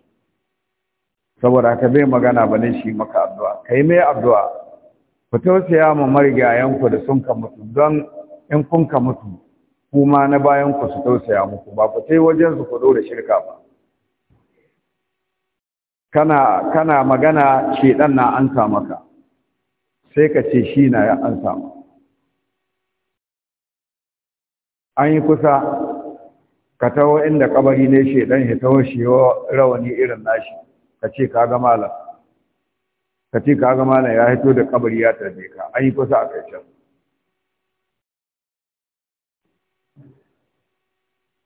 saboda ka bai magana bane shi maka addu'a kai mai addu'a ku tausaya ma marigayenku da sun ka mutu don in kun ka mutu kuma na bayan ku su tausaya muku ba ku sai wajen su ku da shirka ba kana kana magana dan na an maka sai ka ce shi na ya an an yi kusa ka taho inda kabari ne shi dan ya taho shi rawani irin nashi ka ce ka ga malam ka ce ka ga malam ya hito da kabari ya tarbe ka an yi kusa a kai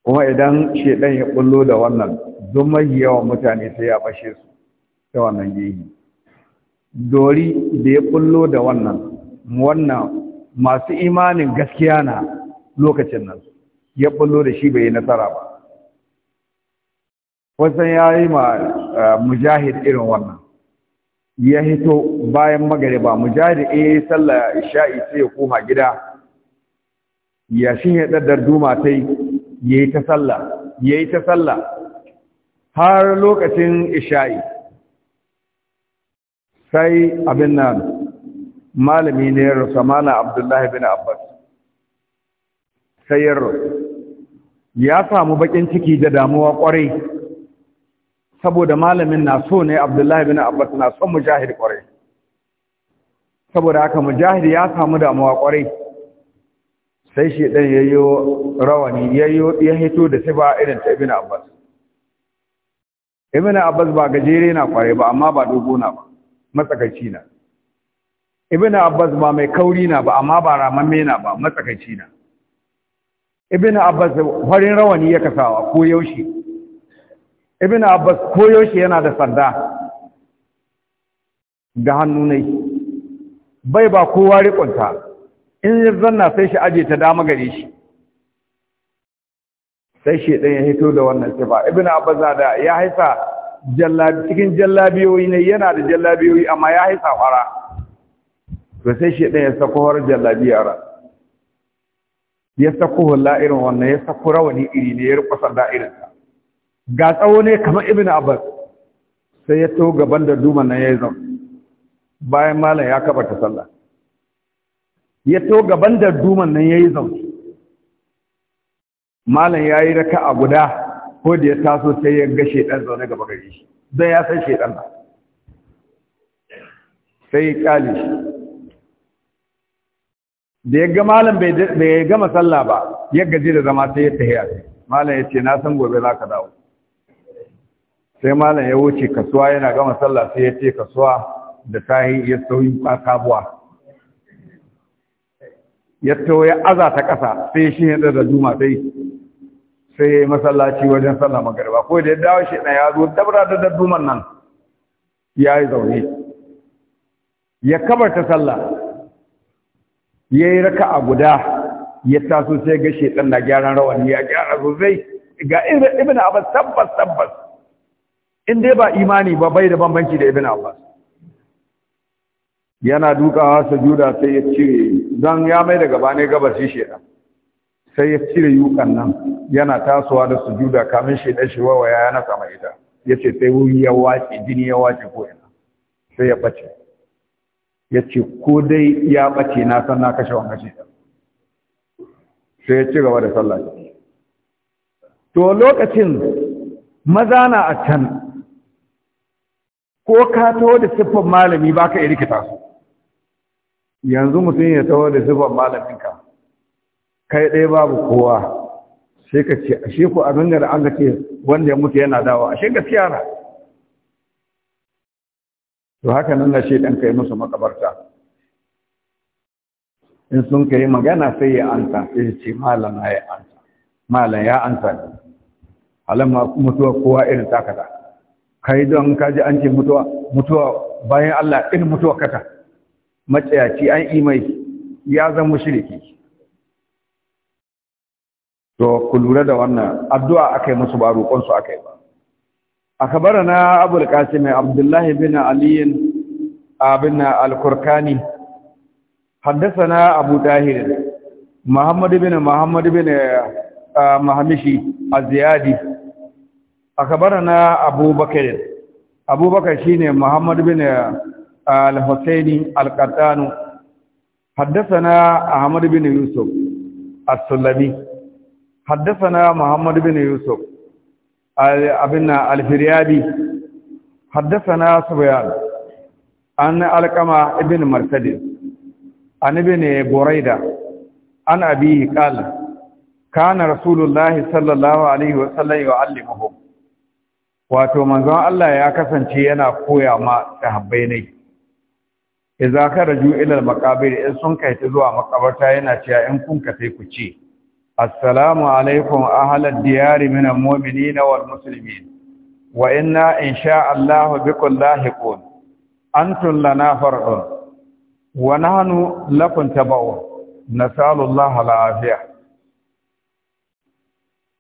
kuma idan shedan ya bullo da wannan don mai yawan mutane sai ya bashe su ta wannan gehi dori da ya bullo da wannan wannan masu imanin gaskiya na lokacin nan ya bullo da shi bai yi nasara ba wasan ya yi ma eh, mujahid irin wannan ya hito bayan magariba ba eh sallah isha'i sai ya koma gida ya shin ya daddar duma tai yayi ta sallah yayi ta sallah har lokacin isha'i sai abin nan malami ne rusamana abdullahi bin abbas sai ya samu bakin ciki da damuwa kwarai saboda malamin na so ne abdullahi bin abbas na son mujahid kwarai saboda haka mujahid ya samu damuwa kwarai sai shi dan yayyo rawani yayyo ya hito da sifa irin ta ibn abbas ibn abbas ba gajere na kwarai ba amma ba dogo na ba matsakaici na ibn abbas ba mai kauri na ba amma ba ramamme na ba matsakaici na ibn abbas farin rawani ya kasawa ko yaushe ibn abbas koyo shi yana da sanda ga hannu ne bai ba kowa rikonta in ya zanna sai shi aje ta dama gare shi sai shi ɗan ya hito da wannan sifa ibn abbas da ya haifa cikin jallabiyoyi ne yana da jallabiyoyi amma ya haisa fara to sai shi ɗan ya sako har jallabiyar ya sako hula irin wannan ya sako rawani iri ne ya rikwasa da irinsa ga tsawo ne kamar ibn abbas sai ya to gaban da duma na ya zaune bayan malam ya kaba ta sallah ya to gaban da duma nan ya yi zaune malam ya yi raka a guda ko da ya taso sai ya ga shaidan zaune gaba gare shi ya san shaidan na sai ya kyale shi da ya ga malam bai gama sallah ba ya gaji da zama sai ya tahiya malam ya ce na san gobe za ka dawo sai malam ya wuce kasuwa yana gama sallah sai ya ce kasuwa da yi ya sauyi kabuwa ya tawo ya aza ta ƙasa sai shi ne da juma sai sai ya yi masallaci wajen sallah magariba ko da ya dawo shi na ya zo dabra da dadduman nan ya yi zaune ya kabarta sallah ya yi raka a guda ya taso sai ga shekan na gyaran rawani ya gyara sosai ga na abin tabbas tabbas in dai ba imani ba bai da bambanci da ibn abbas yana dukawa sujuda sai ya cire zan ya mai da gaba ne gabar shi shedan sai ya cire yukan nan yana tasowa da sujuda kamin da shi wawaya yana sama ita yace sai wuri ya wace jini ya wace ko ina sai ya bace yace ko dai ya bace na san na kashe wannan shedan sai ya ci gaba da sallah to lokacin maza na a can ko ka taho da siffan malami ba ka irkita su yanzu mutum ya taho da siffan malaminka kai ɗaya babu kowa sai ka ce ashe ku abin da an ga ce wanda ya mutu yana dawa ashe gaskiya na to haka nan na shi ɗan kai musu makabarta in sun kai magana sai ya ansa sai ce malam ya ansa malam ya ansa ne alamma mutuwa kowa irin takata kai don kaji an ce mutuwa mutuwa bayan Allah in mutuwa kata matsayaci an yi mai ya zama shiriki to ku lura da wannan addu'a akai musu ba roƙon su akai ba aka bara na abul qasim abdullah ibn ali ibn al-qurkani haddathana abu tahir muhammad ibn muhammad ibn eh, mahamishi az-ziyadi akabarana abubakar abubakar shine muhammad bin al-husaini al-qattanu haddathana ahmad bin yusuf as-sulami haddathana muhammad bin yusuf abinna al-firyadi haddathana subyan an alqama ibn marsadin an ibn buraida an abi qala kana rasulullahi sallallahu alaihi wa wasallam yu'allimuhum wato manzon Allah ya kasance yana koya ma sahabbai ne idza karaju ila al-maqabir in sun kai ta zuwa makabarta yana cewa in kun ka sai ku ce assalamu alaikum ahlal diyari min al-mu'minin wal muslimin wa inna insha Allah bikum lahiqun antum lana fardun wa nahnu lakum tabawun nasallallahu al-afiyah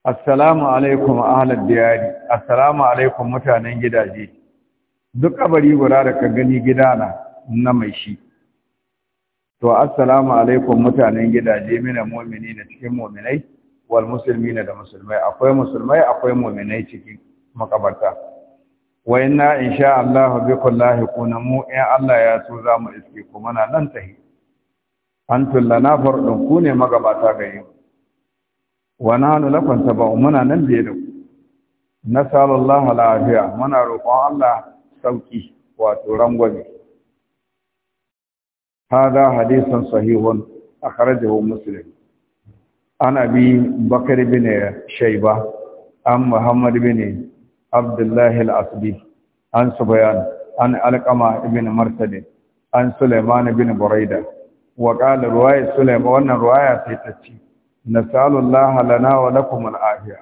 assalamu alaikum ahlal diyari assalamu alaikum mutanen gidaje duk abari guda da ka gani gidana na mai shi to assalamu alaikum mutanen gidaje mina mu'mini na cikin mu'minai wal musulmi na da musulmai akwai musulmai akwai mu'minai cikin makabarta wa inna insha Allah bikum lahiquna mu in Allah ya so za mu iske kuma mana nan tahi antul lana fardun ku ne magabata gare mu wa nahnu lakum tabu muna nan biye da ku nasallallahu alafiya muna roƙon Allah sauki wato rangwame hada hadisan sahihun akhrajahu muslim Ana bi bakr bin shayba an Muhammadu bin Abdullahi al-asbi an subyan an alqama ibn marsad an Suleiman bin buraida wa qala riwayat sulaiman wannan riwaya sai ta ci Allah lana wa lakum al-afiya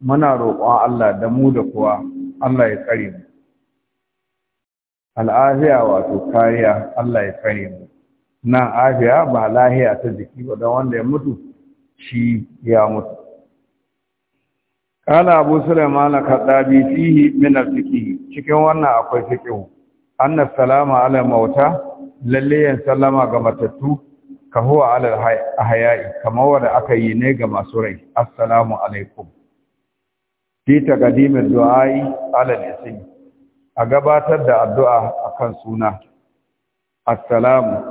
muna roƙon Allah da mu da kuwa Allah ya kare mu al-afiya wato kariya Allah ya kare mu nan afiya ba lahiya ta jiki ba da wanda ya mutu shi ya mutu abu sulaiman أبو سليمان fihi min al الفقه cikin wannan akwai fiqh anna salama ala mauta lalle yan sallama ga matattu ka huwa alal haya'i kamar wanda aka yi ne ga masu rai assalamu alaikum fi taqdimin du'a'i alal ismi a gabatar da addu'a akan suna assalamu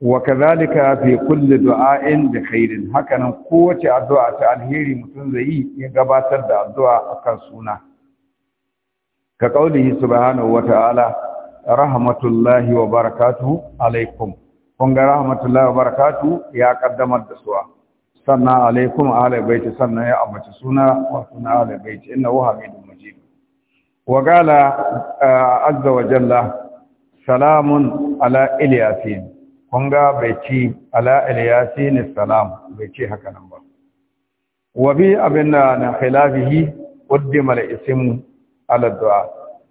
wa kadhalika fi kulli du'a'in bi khairin hakanan kowace addu'a ta alheri mutum zai yi ya gabatar da addu'a akan suna ka qaulihi subhanahu wa ta'ala rahmatullahi wa barakatuhu alaikum kun ga rahmatullahi wa barakatu ya kaddamar da suwa sannan alaikum ahlul baiti sannan ya ambaci suna wato na ahlul baiti innahu hamidun majid wa qala azza wa jalla salamun ala ilyasin kun bai ci ala ilyasin salam bai ci haka nan ba wa bi abinda na khilafihi qaddama al-ism ala du'a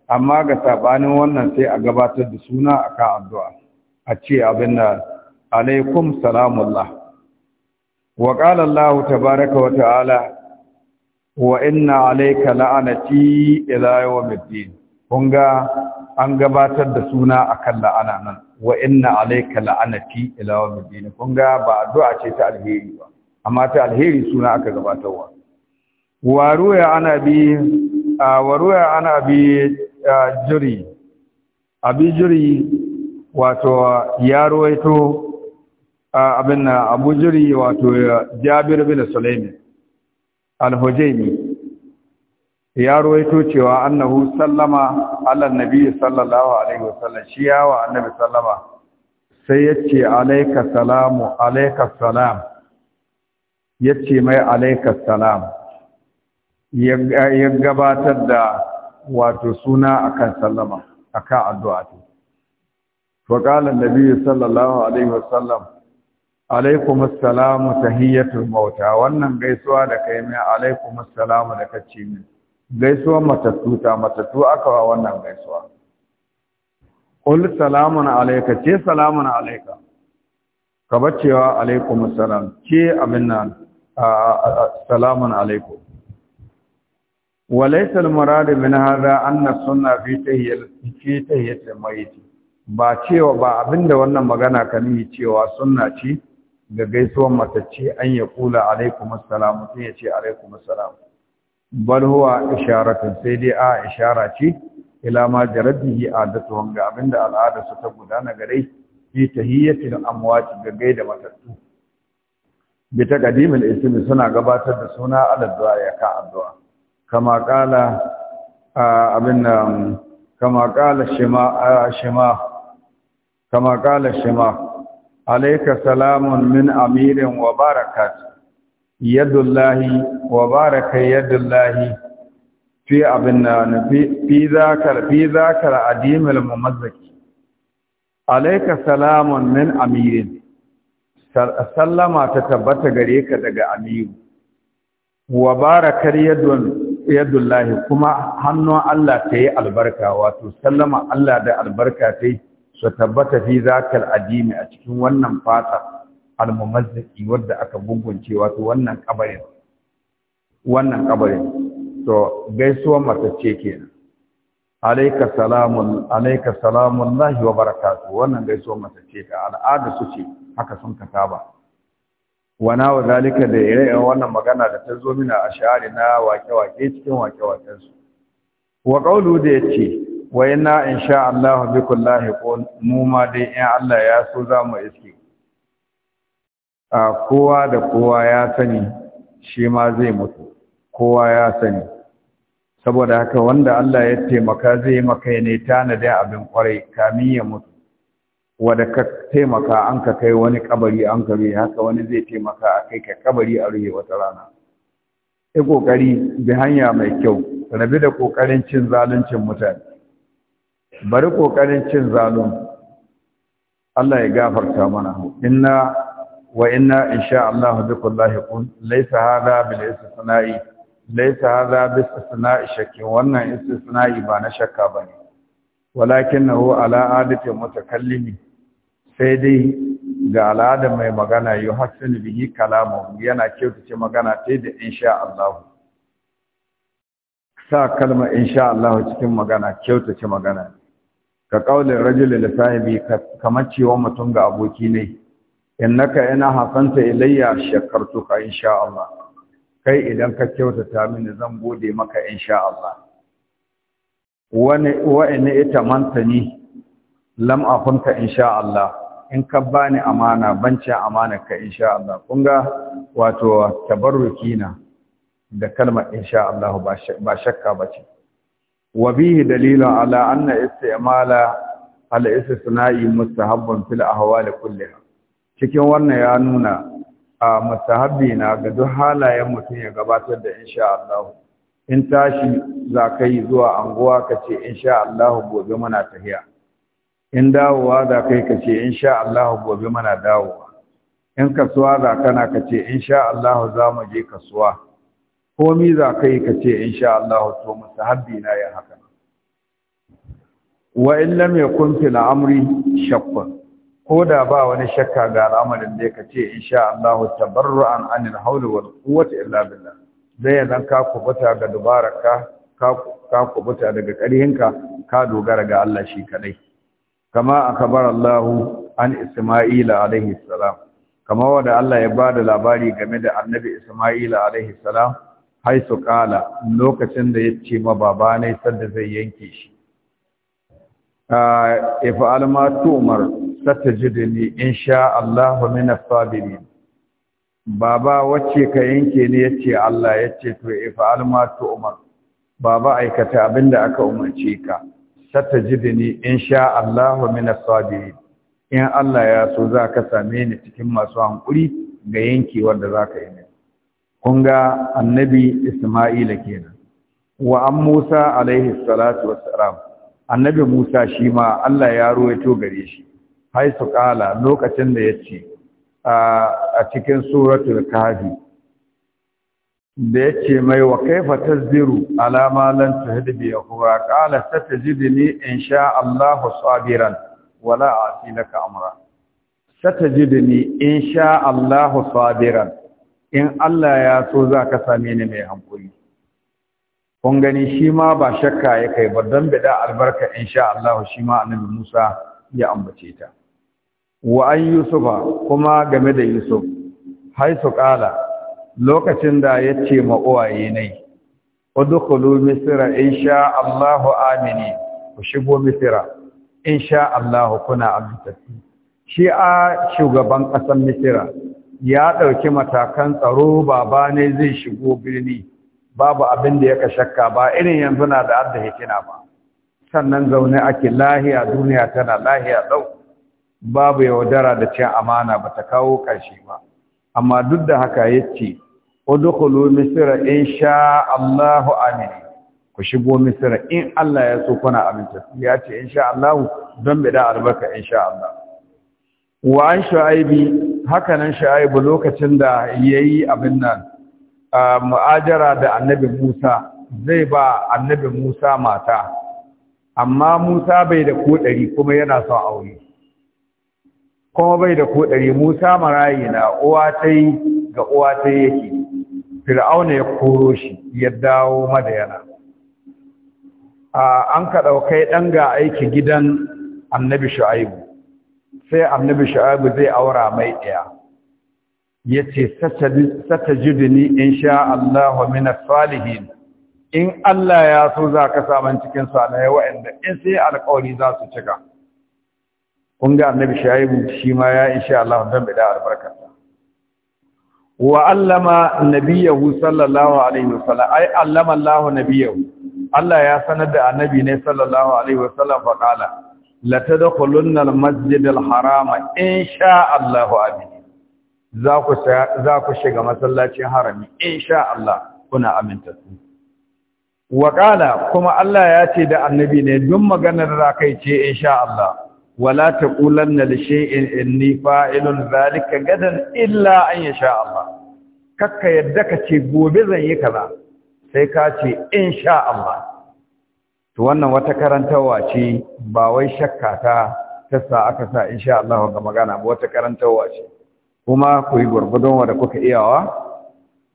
amma ga sabanin wannan sai a gabatar da suna akan addu'a a ce abin na alaikum salamullah wa qala Allah tabaaraka wa ta'ala wa inna alayka la'anati ila yawmiddin kun ga an gabatar da suna akan la'ana nan wa inna alayka la'anati ila yawmiddin kun ga ba addu'a ce ta alheri ba amma ta alheri suna aka gabatarwa wa ruya ana bi wa ruya ana bi juri abi juri wato ya ruwaito abin na abu jiri wato jabir bin sulaimi al-hujaimi ya ruwaito cewa annahu sallama ala nabi sallallahu alaihi wasallam shi yawa annabi sallama sai yace alayka salamu alayka salam yace mai alayka salam ya gabatar da wato suna akan sallama akan addu'a وقال النبي صلى الله عليه وسلم alaikum assalamu tahiyatul mauta wannan gaisuwa da kai mai alaikum assalamu da kace min gaisuwa matattu ta matattu aka wa wannan gaisuwa qul salamun alayka ce salamun alayka ka bacewa alaikum assalam ce abin nan salamun alaikum walaysa al murad min hadha anna sunna fi tahiyatil fi tahiyatil mayyit ba cewa ba abinda wannan magana ka nuni cewa sunna ce ga gaisuwar matacce an ya kula alaikum assalam sun ya ce alaikum assalam bal huwa isharatun sai dai a ishara ce ila ma jaraddihi adatuhum ga abinda al'ada su ta gudana gare fi tahiyyatil amwati ga gaida matattu bi taqdimil ismi suna gabatar da suna ala du'a ya ka addu'a kama kala abinda kama kala shima shima kama kala shima alayka salamun min amirin wa yadullahi wa baraka yadullahi fi abinna fi zakar fi zakar adimul mumazzaki min amirin sallama ta tabbata gare ka daga amiru Wabarakar yadullahi kuma hannun Allah ta yi albarka wato sallama Allah da albarka ta yi su tabbata fi zakal adimi a cikin wannan fata almumazzaki wanda aka gungunce wato wannan kabarin wannan kabarin to gaisuwar ce kenan alayka salamun alayka salamun lahi wa barakatu wannan gaisuwar ce ta al'ada su ce haka sun ka saba wana wa zalika da ire wannan magana da ta zo mina a sha'ari na wake-wake cikin wake su wa ƙaulu da ya ce wa inna insha Allah kullahi qul mu ma dai in Allah ya so za mu iske a kowa da kowa ya sani shi ma zai mutu kowa ya sani saboda haka wanda Allah ya taimaka zai maka ne tanadin abin kwarai kamin ya mutu wanda ka taimaka an ka kai wani kabari an ka rufe haka wani zai taimaka a kai ka kabari a rufe wata rana sai kokari bi hanya mai kyau rabi da kokarin cin zaluncin mutane bari kokarin cin zalun Allah ya gafarta mana inna wa inna insha Allah bikullahi kun laysa hada bil istisna'i laysa hada bil istisna'i shakki wannan istisna'i ba na shakka bane walakinahu ala adati mutakallimi sai dai ga al'ada mai magana yuhassinu bihi kalamu yana kyautace magana ta da insha Allah sa kalma insha Allah cikin magana kyautace magana ka kaulin rajulun da sahibi kamar cewa mutum ga aboki ne innaka yana hafanta ilayya shakartu insha Allah kai idan ka kyautata mini zan gode maka insha Allah wani wa'ina ita mantani lam afunta insha Allah in ka bani amana bancin amana ka insha Allah kun ga wato tabarruki na da kalmar insha Allah ba shakka bace wa دليل على أن استعمال istimala al istisna'i mustahabban fil ahwali cikin wannan ya nuna a mustahabbi na ga duk halayen mutum ya gabatar da insha Allah in tashi za ka yi zuwa anguwa ka ce insha Allah gobe muna tahiya in dawowa za ka yi ka ce insha Allah gobe muna dawowa in kasuwa za kana ka ce insha Allah za mu je kasuwa komi za ka yi ka ce insha Allah to musahabbi na yin haka wa in lam yakun fi amri shakka ko da ba wani shakka ga al'amarin da ka ce insha Allah tabarru'an al-hawl wal quwwati illa billah dai yanzu ka kubuta ga dubaraka ka kubuta daga ƙarhinka ka dogara ga Allah shi kadai kama akbar Allah an Isma'ila alaihi salam kama wanda Allah ya bada labari game da Annabi Isma'ila alaihi salam haisu Kala, lokacin da ya ce ma baba ne sadda zai yanke shi ifa alma tumar sata jidini in sha Allah mina sabiri baba wacce ka yanke ne ya ce Allah ya ce to ifa alma tumar baba aikata abinda aka umarce ka sata jidini in sha Allah mina sabiri in Allah ya so za ka same ni cikin masu hankuri ga yankewar da za ka yi kun ga annabi isma'ila kenan wa an musa alaihi salatu wassalam annabi musa shi ma allah ya ruwaito gare shi su kala lokacin da ya ce a cikin suratul kahfi da ya ce mai wa kaifa tazdiru alama lan tuhid bi yahuwa qala satajidni insha Allahu sabiran wala asi laka amra satajidni insha Allahu sabiran in Allah ya so za ka same ni mai hankuri kun gani shi ma ba shakka ya kai ba don bida albarka insha Allah shi ma annabi Musa ya ambace ta wa an yusufa kuma game da yusuf haisu kala lokacin da ya ce ma uwaye nai udkhulu misra insha Allah amini ku shigo misra sha Allah kuna amintattu shi a shugaban ƙasar misira. ya ɗauki matakan tsaro ba ne zai shigo birni babu abin da ka shakka ba irin yanzu na da adda hikina ba sannan zaune ake lahiya duniya tana lahiya ɗau babu yaudara da cin amana ba ta kawo ƙarshe ba amma duk da haka ya ce, yace misira in sha Allahu amini, ku shigo misira in Allah ya so kuna aminta ya ce sha Allahu, don bida albarka in sha Allah wa an shu'aibi hakanan shu'aibu lokacin da yayi abin nan mu'ajara da annabi Musa zai ba annabi Musa mata amma Musa bai da ko dari kuma yana son aure kuma bai da ko dari Musa marayi na uwa tai ga uwa tai yake Fir'auna ya koro shi ya dawo madayana an ka ɗaukai ɗan ga aiki gidan annabi Shu'aibu sai annabi shu'aibu zai aura mai ɗaya ya ce satajiduni in sha Allah min salihin in Allah ya so za ka saman cikin salihai wa'anda in sai alƙawari za su cika kun ga annabi shu'aibu shi ma ya insha Allah dan bida albarka. wa allama nabiyahu sallallahu alaihi wasallam ai allama Allah nabiyahu Allah ya sanar da annabi ne sallallahu alaihi wasallam fa qala latadkhulunna al-masjid al-haram insha Allah amin za ku shiga masallacin harami insha Allah kuna aminta wa qala kuma Allah ya ce da annabi ne duk maganar da kai ce insha Allah wala taqulanna li shay'in inni fa'ilun zalika gadan illa an yasha Allah kakka yadda ka ce gobe zan yi kaza sai ka ce insha Allah to wannan wata karantarwa ce ba wai shakka ta sa aka sa insha Allah ga magana ba wata karantarwa ce kuma ku yi gurgudun da kuka iyawa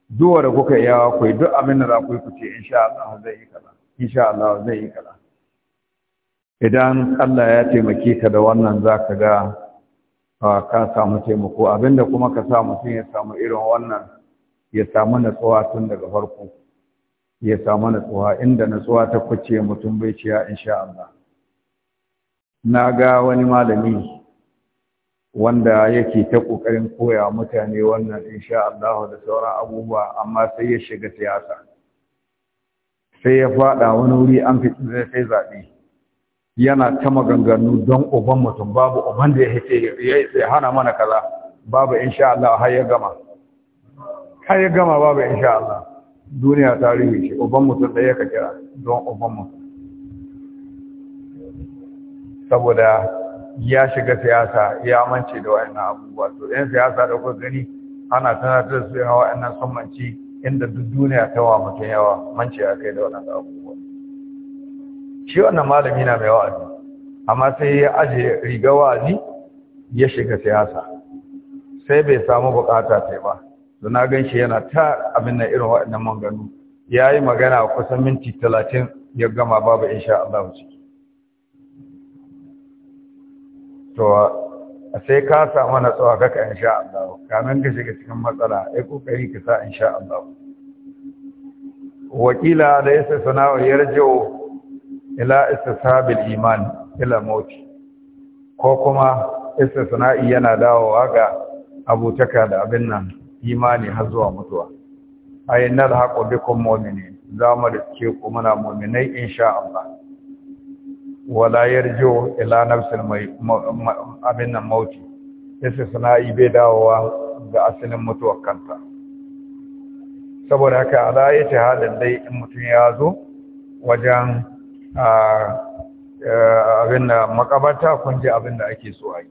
duk da kuka iyawa ku yi duk abin da za ku yi ku ce insha Allah zai yi kaza insha Allah zai yi kaza idan Allah ya taimake ka da wannan zaka ga ka samu taimako abinda kuma ka sa mutum ya samu irin wannan ya samu natsuwa tun daga farko ya samu natsuwa inda natsuwa ta kwace mutum bai ciya insha Allah na ga wani malami wanda yake ta kokarin koya mutane wannan insha Allah da sauran abubuwa amma sai ya shiga siyasa sai ya fada wani wuri an fi sai zaɓe yana ta maganganu don uban mutum babu uban da ya hana mana kaza babu insha Allah har ya gama har ya gama babu insha Allah duniya ta rufe shi uban mutum ɗaya ka kira don uban mutum saboda ya shiga siyasa ya mance da wa'annan abubuwa to yan siyasa da kuka gani ana da su yana wa'annan son manci inda duk duniya ta wa mutum yawa mance ya kai da wa'annan abubuwa shi wannan malami na mai wa'azi amma sai ya aje riga wa'azi ya shiga siyasa sai bai samu bukata sai ba da na gan shi yana ta abin na irin waɗannan manganu ya yi magana kusan minti talatin ya gama babu insha Allah ciki to sai ka samu natsuwa kaka insha Allah kamin ka shiga cikin matsala ya kokari ka sa insha Allah wakila da yasa sanawa yarjo ila istisabil iman ila mauti ko kuma istisna'i yana dawowa ga abotaka da abin nan imani har zuwa mutuwa ayin nar haƙo bikin momini za mu riske ku muna in insha Allah wala yarjo ila nafsil mai abin nan mauti suna sana'i bai dawowa ga asalin mutuwar kanta saboda haka ala yace halin dai in mutum ya zo wajen abin da makabarta kun ji abin da ake so a yi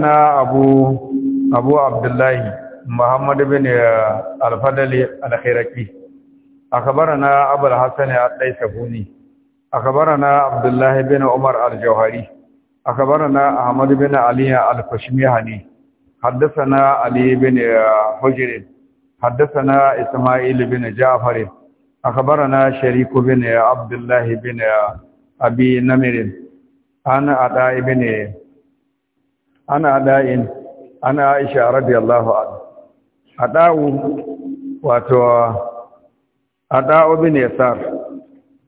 na abu abu abdullahi muhammad bin uh, al-fadali al-khiraki akhbarana abu al-hasan al-daisafuni akhbarana abdullahi bin umar al-jawhari akhbarana ahmad bin ali al-kashmihani حدثنا علي بن حجر حدثنا اسماعيل بن جعفر أخبرنا شريك بن عبد الله بن أبي نمر أنا أداء بن أنا in. ana aisha radiyallahu anha ada'u wato ada'u bin yasar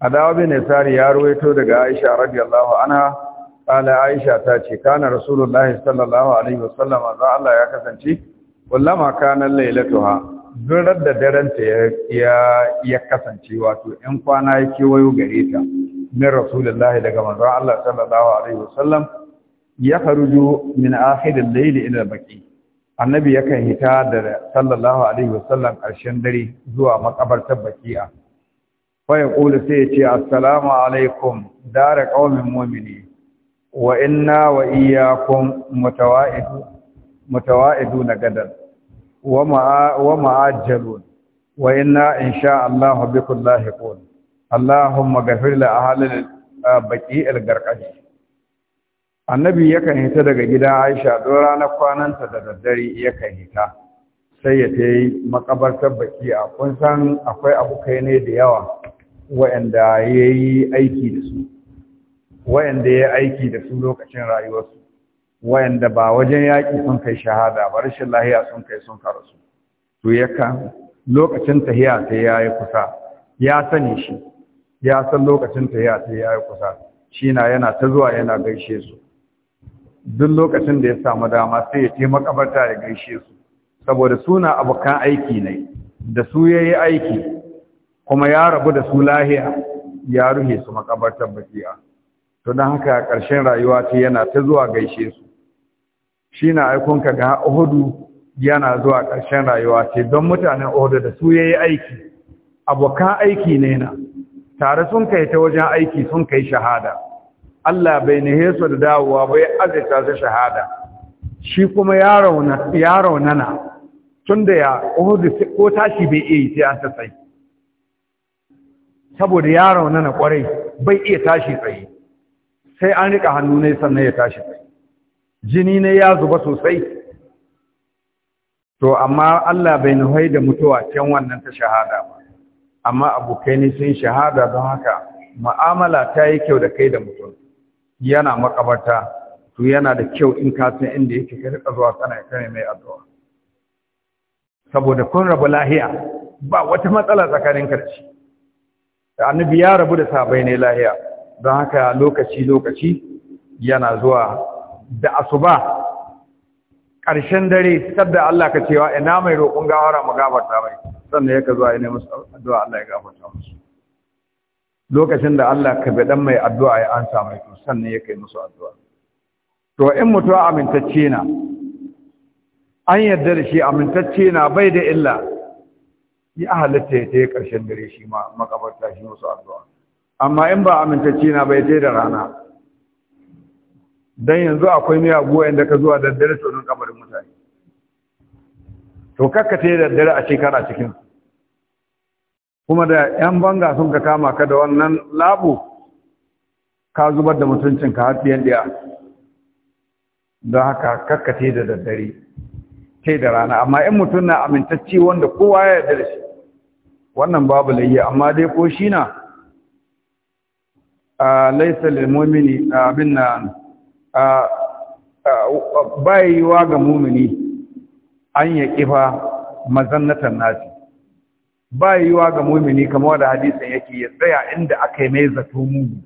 ada'u bin yasar ya ruwaito daga aisha radiyallahu anha qala aisha ta ce kana rasulullahi sallallahu alaihi wasallam za Allah ya kasance kullama kana lailatuha durar da daren ta ya ya kasance wato in kwana yake wayo gare ta min rasulullahi daga manzon Allah sallallahu alaihi wasallam ya faruju min akhirin laili ila baki annabi yakan hita da sallallahu alaihi wasallam ƙarshen dare zuwa makabartar baki'a fa ya sai ya ce assalamu alaikum dara qaumin mu'mini wa inna wa iyyakum mutawaidu mutawaidu na gadan wa ma'a wa ma'ajjalun wa inna insha Allah bikum lahiqun اللهم غفر لأهل بقيع الغرقد annabi yakan hita daga gida aisha don ranar kwananta da daddare yakan hita sai ya ta yi makabartar baki a kun san akwai abokai ne da yawa wa'anda ya yi aiki da su wa'anda ya aiki da su lokacin rayuwarsu wa'anda ba wajen yaƙi sun kai shahada ba rashin lahiya sun kai sun karasu to yakan lokacin tahiya ta ya yi kusa ya sani shi ya san lokacin tahiya ta ya yi kusa shi na yana ta zuwa yana gaishe su duk lokacin da ya samu dama sai ya ce makabarta ya gaishe su saboda suna abokan aiki ne da su ya aiki kuma ya rabu da su lahiya ya ruhe su makabartar bakiya to don haka ƙarshen rayuwa ce yana ta zuwa gaishe su shi na aikunka ga uhudu yana zuwa ƙarshen rayuwa ce don mutanen uhudu da su yayi aiki abokan aiki ne na tare sun kai ta wajen aiki sun kai shahada Allah bai nihe su da dawowa ba ya azaita su shahada shi kuma ya raunana tun da ya ohudu ko tashi bai iya yi sai an tsaye saboda ya raunana kwarai bai iya tashi tsaye sai an rika hannu ne sannan ya tashi tsaye jini ne ya zuba sosai to amma Allah bai nuhai da mutuwa can wannan ta shahada ba amma abokai ne sun shahada don haka ma'amala ta yi kyau da kai da mutum yana makabarta to yana da kyau in ka san inda yake ka rika zuwa kana kare mai addu'a saboda kun rabu lahiya ba wata matsala tsakanin karshe da annabi ya rabu da sabai ne lahiya don haka lokaci lokaci yana zuwa da asuba ƙarshen dare sadda Allah ka cewa ina mai roƙon gawara mu gafarta mai sannan yake zuwa ina musu addu'a Allah ya gafarta musu lokacin da Allah ka bi dan mai addu'a ya ansa mai to sannan ya kai musu addu'a to in mutum amintacce na an yarda da shi amintacce na bai da illa ya halitta ya tayi karshen dare shi ma makabarta shi musu addu'a amma in ba amintacce na bai tayi da rana dan yanzu akwai miyagu inda ka zuwa daddare to don kabarin mutane to kakka tayi daddare a shekara cikin su kuma da yan banga sun ka kama ka da wannan labu ka zubar da mutuncinka har biyan ɗiya don haka kakkate da daddare kai da rana amma in mutum na amintacci wanda kowa ya yarda da shi wannan babu layya amma dai ko shi na a laisa lilmomini abin na bayiwa ga mumini an ya kifa mazannatan nasi ba yiwa ga mumini kamar wanda hadisin yake ya tsaya inda aka yi mai zato mugu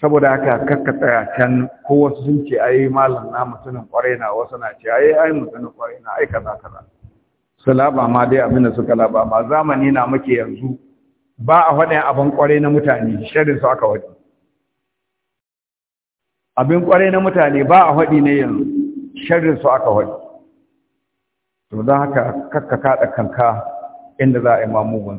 saboda haka kakka tsaya can ko wasu sun ce ayi malam na mutumin kwarai na wasu na ce ayi ai mutumin kwarai na ai kaza kaza su laba ma dai abin da suka laba ma zamani na muke yanzu ba a faɗin abin kwarai na mutane shirin su aka faɗi abin kwarai na mutane ba a faɗi ne yanzu shirin su aka faɗi to don haka kakka kada kanka inda za a yi mamugun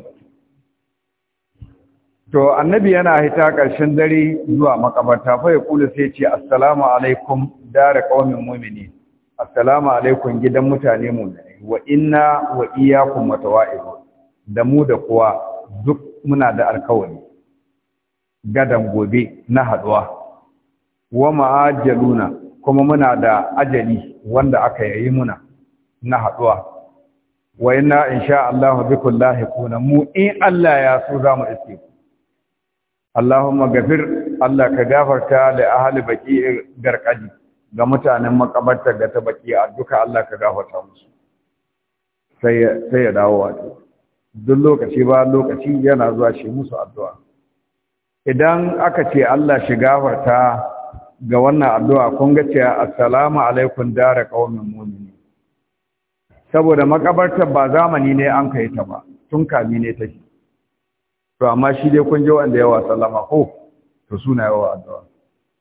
to annabi yana hita ƙarshen dare zuwa makabarta fa ya kula sai ce assalamu alaikum dare qaumin mu'mini assalamu alaikum gidan mutane mu wa inna wa iyyakum mutawa'idun da mu da kowa duk muna da alkawari gadan gobe na haduwa wa ma'ajaluna kuma muna da ajali wanda aka yayi muna na haɗuwa wa in insha Allah bikum lahiquna mu in Allah ya so za mu iske ku Allahumma gafir Allah ka gafarta da ahli baki garkadi ga mutanen makabarta ga ta baki a duka Allah ka gafarta musu sai ya dawo wato duk lokaci ba lokaci yana zuwa shi musu addu'a idan aka ce Allah shi gafarta ga wannan addu'a kun ga ce assalamu alaikum dara qaumin mu'min saboda makabartar ba zamani ne an kai ta ba tun kami ne take to amma shi dai kun ji wanda yawa sallama ko oh, to suna yawa addu'a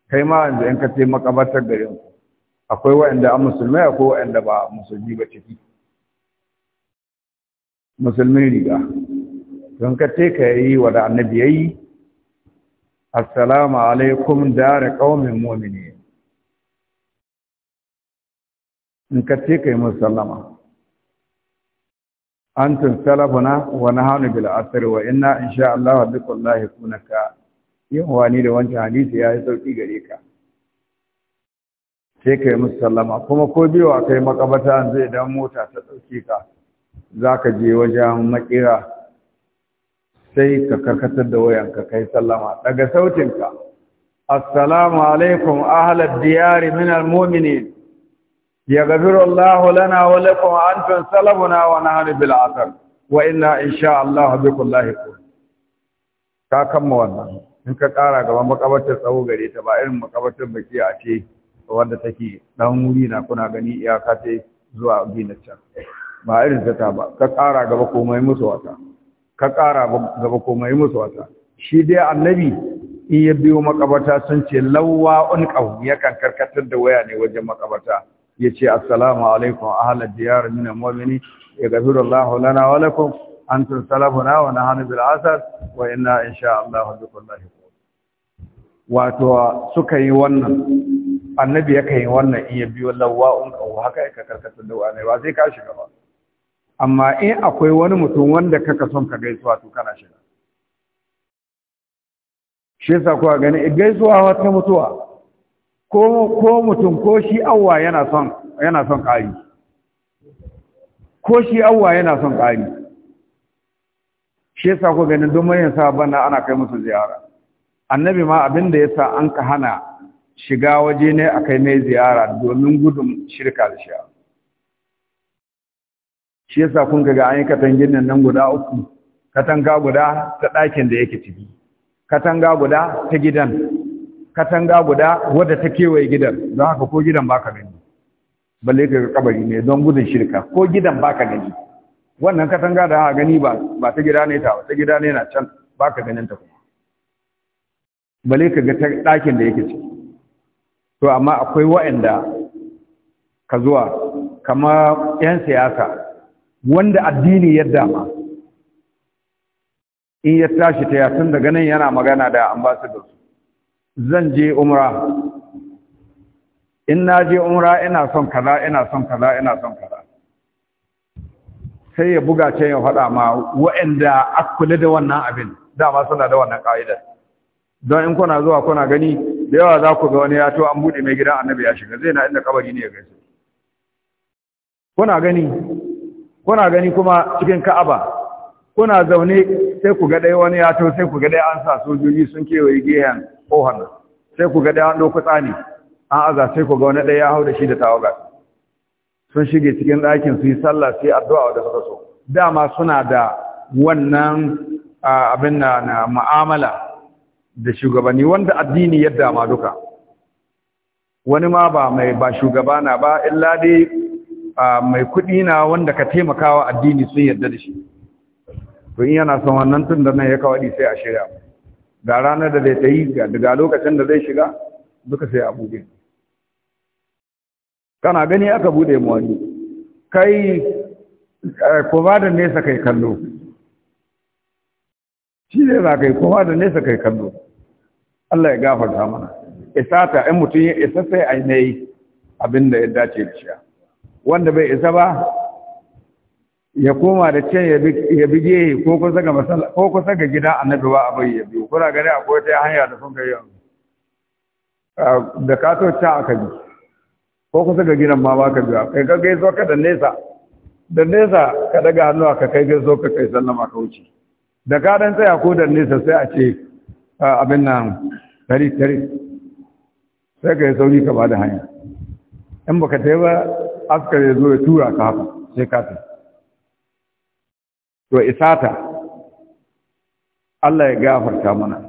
kai ma yanzu in ka ce makabartar garin ku akwai waɗanda an musulmai akwai waɗanda ba musulmi ba ciki musulmin riga don ka ce ka yi wa da annabi yayi assalamu alaikum dare qaumin mu'minin in ka ce ka yi musallama antum salafuna wa nahnu bil asr wa inna insha Allah billahi kunaka yin wani da wancan hadisi ya yi sauki gare ka sai yi musu sallama kuma ko biyo a kai makabata zai dan mota ta sauki ka Za ka je wajen makira sai ka karkatar da ka kai sallama daga sautinka assalamu alaikum ahlad diyari minal mu'minin يغفر الله لنا ولكم أنتم سلفنا ونحن بالعثر وإنا إن شاء الله بكم الله يكون كاكم wannan in ka ƙara gaban makabartar tsawo gareta, ta ba irin makabartar baki a ce wanda take dan wuri na gani iyaka ta zuwa gina can ba irin ta ba ka ƙara gaba komai musu wata ka ƙara gaba komai musu wata shi dai annabi iya ya biyo makabarta sun ce lawwa unqahu yakan karkatar da waya ne wajen makabarta ya ce assalamu alaikum ahalar diyar mina al-mu'mini ya gafiru Allah lana wa lakum tun salafuna wa hannu bil asar wa in sha Allah bikullah wato suka yi wannan annabi ya kai wannan in ya biyo un kawo haka ya karkata da wani ba sai ka shiga ba amma in akwai wani mutum wanda kaka son ka gaisuwa to kana shiga shi yasa kuwa gani gaisuwa wata mutuwa ko mutum ko shi awwa yana son yana son ƙari ko shi awwa yana son ƙari shi yasa ko ganin don manyan sahabban nan ana kai musu ziyara annabi ma abin da yasa an ka hana shiga waje ne a kai mai ziyara domin gudun shirka da shi'a shi yasa kun ga an yi katangin nan guda uku katanga guda ta ɗakin da yake ciki katanga guda ta gidan katanga guda wadda ta kewaye gidan don haka ko gidan baka gani balle ka ga kabari ne don gudun shirka ko gidan baka gani wannan katanga da aka gani ba ba ta gida ne ta ba ta gida ne na can baka ganin ta kuma balle ka ga dakin da yake ciki to amma akwai wa'anda ka zuwa kama 'yan siyasa wanda addini yadda ma. in ya tashi ta yatsun daga nan yana magana da ambassador zan je umra in na je umra ina son kaza ina son kaza ina son kaza sai ya buga can ya faɗa ma wa'anda akula da wannan abin dama suna da wannan ka'idar don in kuna zuwa kuna gani da yawa za ku ga wani ya to an buɗe mai gidan annabi ya shiga zai na inda kabari ne ya gaisa kuna gani kuna gani kuma cikin ka'aba kuna zaune sai ku ga ɗaya wani ya to sai ku ga ɗaya an sa sojoji sun kewaye gehen ƙohan sai ku ga ɗaya an ɗauki tsani an aza sai ku ga wani ɗaya ya hau da shi da tawaga sun shige cikin ɗakin su yi sallah sai addu'a da suka so dama suna da wannan abin na ma'amala da shugabanni wanda addini ya dama duka wani ma ba mai ba shugaba na ba illa dai mai kuɗi na wanda ka taimakawa addini sun yarda da shi to in yana son wannan tun da nan ya kawaɗi sai a shirya mu ga ranar da zai tayi daga lokacin da zai shiga duka sai a buɗe kana gani aka bude mu wani kai eh, kuma da nesa kai kallo shi ne za ka yi kuma da nesa kai kallo Allah ya gafarta mana isata in mutum ya isa sai a yi abinda ya dace da shi wanda bai isa ba ya koma da can ya bi gehe ko kusa ga gida a na duba gida annabi ba ya biyu kuna gani akwai ta hanya da sun kai yanzu da ka to ta aka bi ko kusa ga gidan ma ba ka biya kai ka zo ka da nesa da nesa ka daga hannu ka kai zo ka kai sannan ka wuce da ka dan tsaya ko da nesa sai a ce abin nan tari tari sai ka yi sauri ka ba da hanya in baka ta yi ba askar ya zo ya tura ka haka sai ka tafi to isata Allah ya gafarta mana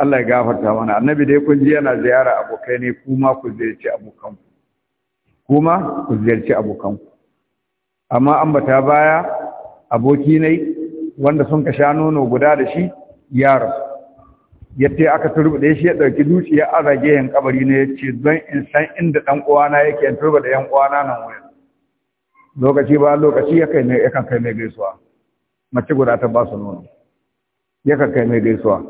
Allah ya gafarta mana annabi dai kun ji yana ziyara abokai ne kuma ku ziyarci abokanku kuma ku ziyarci abokanku amma an bata baya aboki ne wanda sun ka sha nono guda da shi ya rasu yadda aka turbuɗe shi ya ɗauki dutse ya azage yan kabari ne ya ce don in san inda ɗan uwana yake in da yan uwana nan wurin lokaci ba lokaci ya kai ne ya kan kai mai gaisuwa mace guda ta ba su nono ya ka kai mai gaisuwa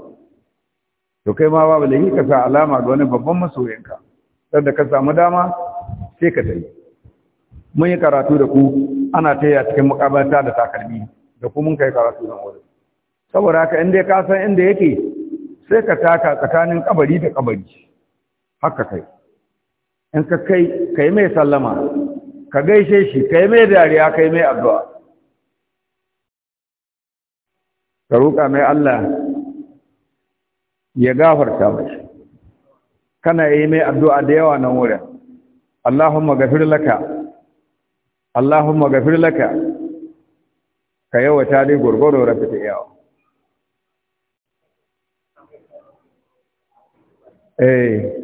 to kai ma babu lahi ka sa alama ga wani babban masoyinka sanda ka samu dama sai ka tafi mun yi karatu da ku ana taya cikin makabarta da takalmi da ku mun kai karatu da wurin saboda haka inda ka san inda yake sai ka taka tsakanin kabari da kabari haka kai in ka kai kai mai sallama ka gaishe shi kai mai dariya kai mai addu'a ka roƙa mai Allah ya gafarta mai kana yi mai addu'a da yawa nan wurin Allahumma gafir laka Allahumma gafir laka ka yawata dai gurgurdo da ta yawa eh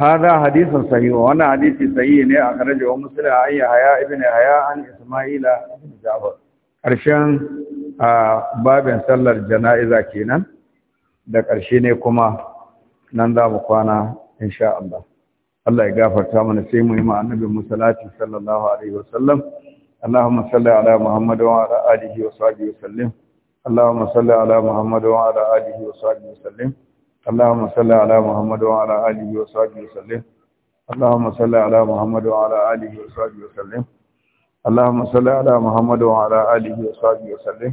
هذا حديث صحيح وانا hadisi صحيح ne a karaje musulun a ayya haya ibn haya an isma'ila ibn jabir a babin sallar jana'iza kenan da ƙarshe ne kuma nan za mu kwana insha Allah Allah ya gafarta mana sai mu yi ma annabi musallati sallallahu alaihi wa sallam Allahumma salli ala Muhammad wa ala alihi wa sahbihi wa sallim Allahumma salli ala Muhammad wa ala alihi wa sahbihi wa sallim Allahumma salli ala Muhammad wa ala alihi wa sahbihi wa sallim Allahumma salli ala Muhammad wa ala alihi wa sahbihi wa sallim Allahumma salli ala Muhammad wa ala alihi wa sahbihi wa sallim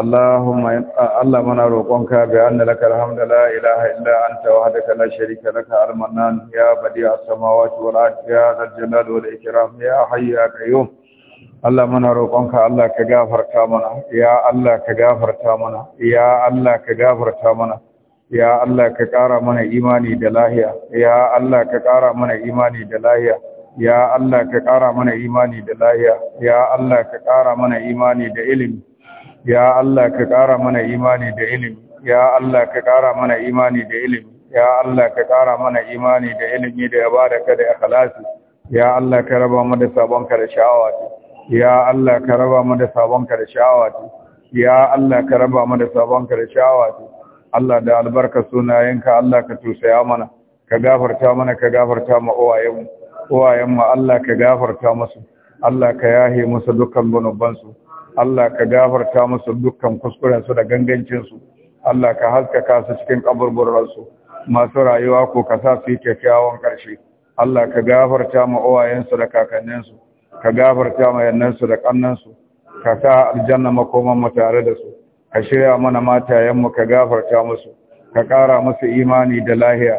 اللهم اللهم انا روقك بان لك الحمد لا اله الا انت وحدك لا شريك لك المنان يا بديع السماوات والارض يا ذا الجلال والاكرام يا حي يا قيوم اللهم انا روقك الله كغفرت منا يا الله كغفرت منا يا الله كغفرت منا يا الله كقارا منا ايماني da lahiya ya Allah ka ƙara mana imani da lahiya ya Allah ka ƙara mana imani da lahiya ya Allah ka ƙara mana imani da ilimi ya Allah ka ƙara mana imani da ilimi ya Allah ka ƙara mana imani da ilimi ya Allah ka ƙara mana imani da ilimi da yabaraka da ikhlasi ya Allah ka raba mu da sabonka da sha'awa ya Allah ka raba mu da sabonka da sha'awa ya Allah ka raba mu da sabonka da sha'awa Allah da albarka sunayenka Allah ka tusaya mana ka gafarta mana ka gafarta ma uwayenmu uwayenmu Allah ka gafarta musu Allah ka yahe musu dukkan zunubansu Allah ka gafarta musu dukkan su da gangancinsu Allah ka haskaka su cikin kaburburarsu masu rayuwa ko ka sa su yi kyakkyawan ƙarshe Allah ka gafarta ma uwayensu da kakanninsu ka gafarta ma yannansu da kannansu ka sa aljanna makoman mu tare da su ka shirya mana matayenmu ka gafarta musu ka ƙara musu imani da lahiya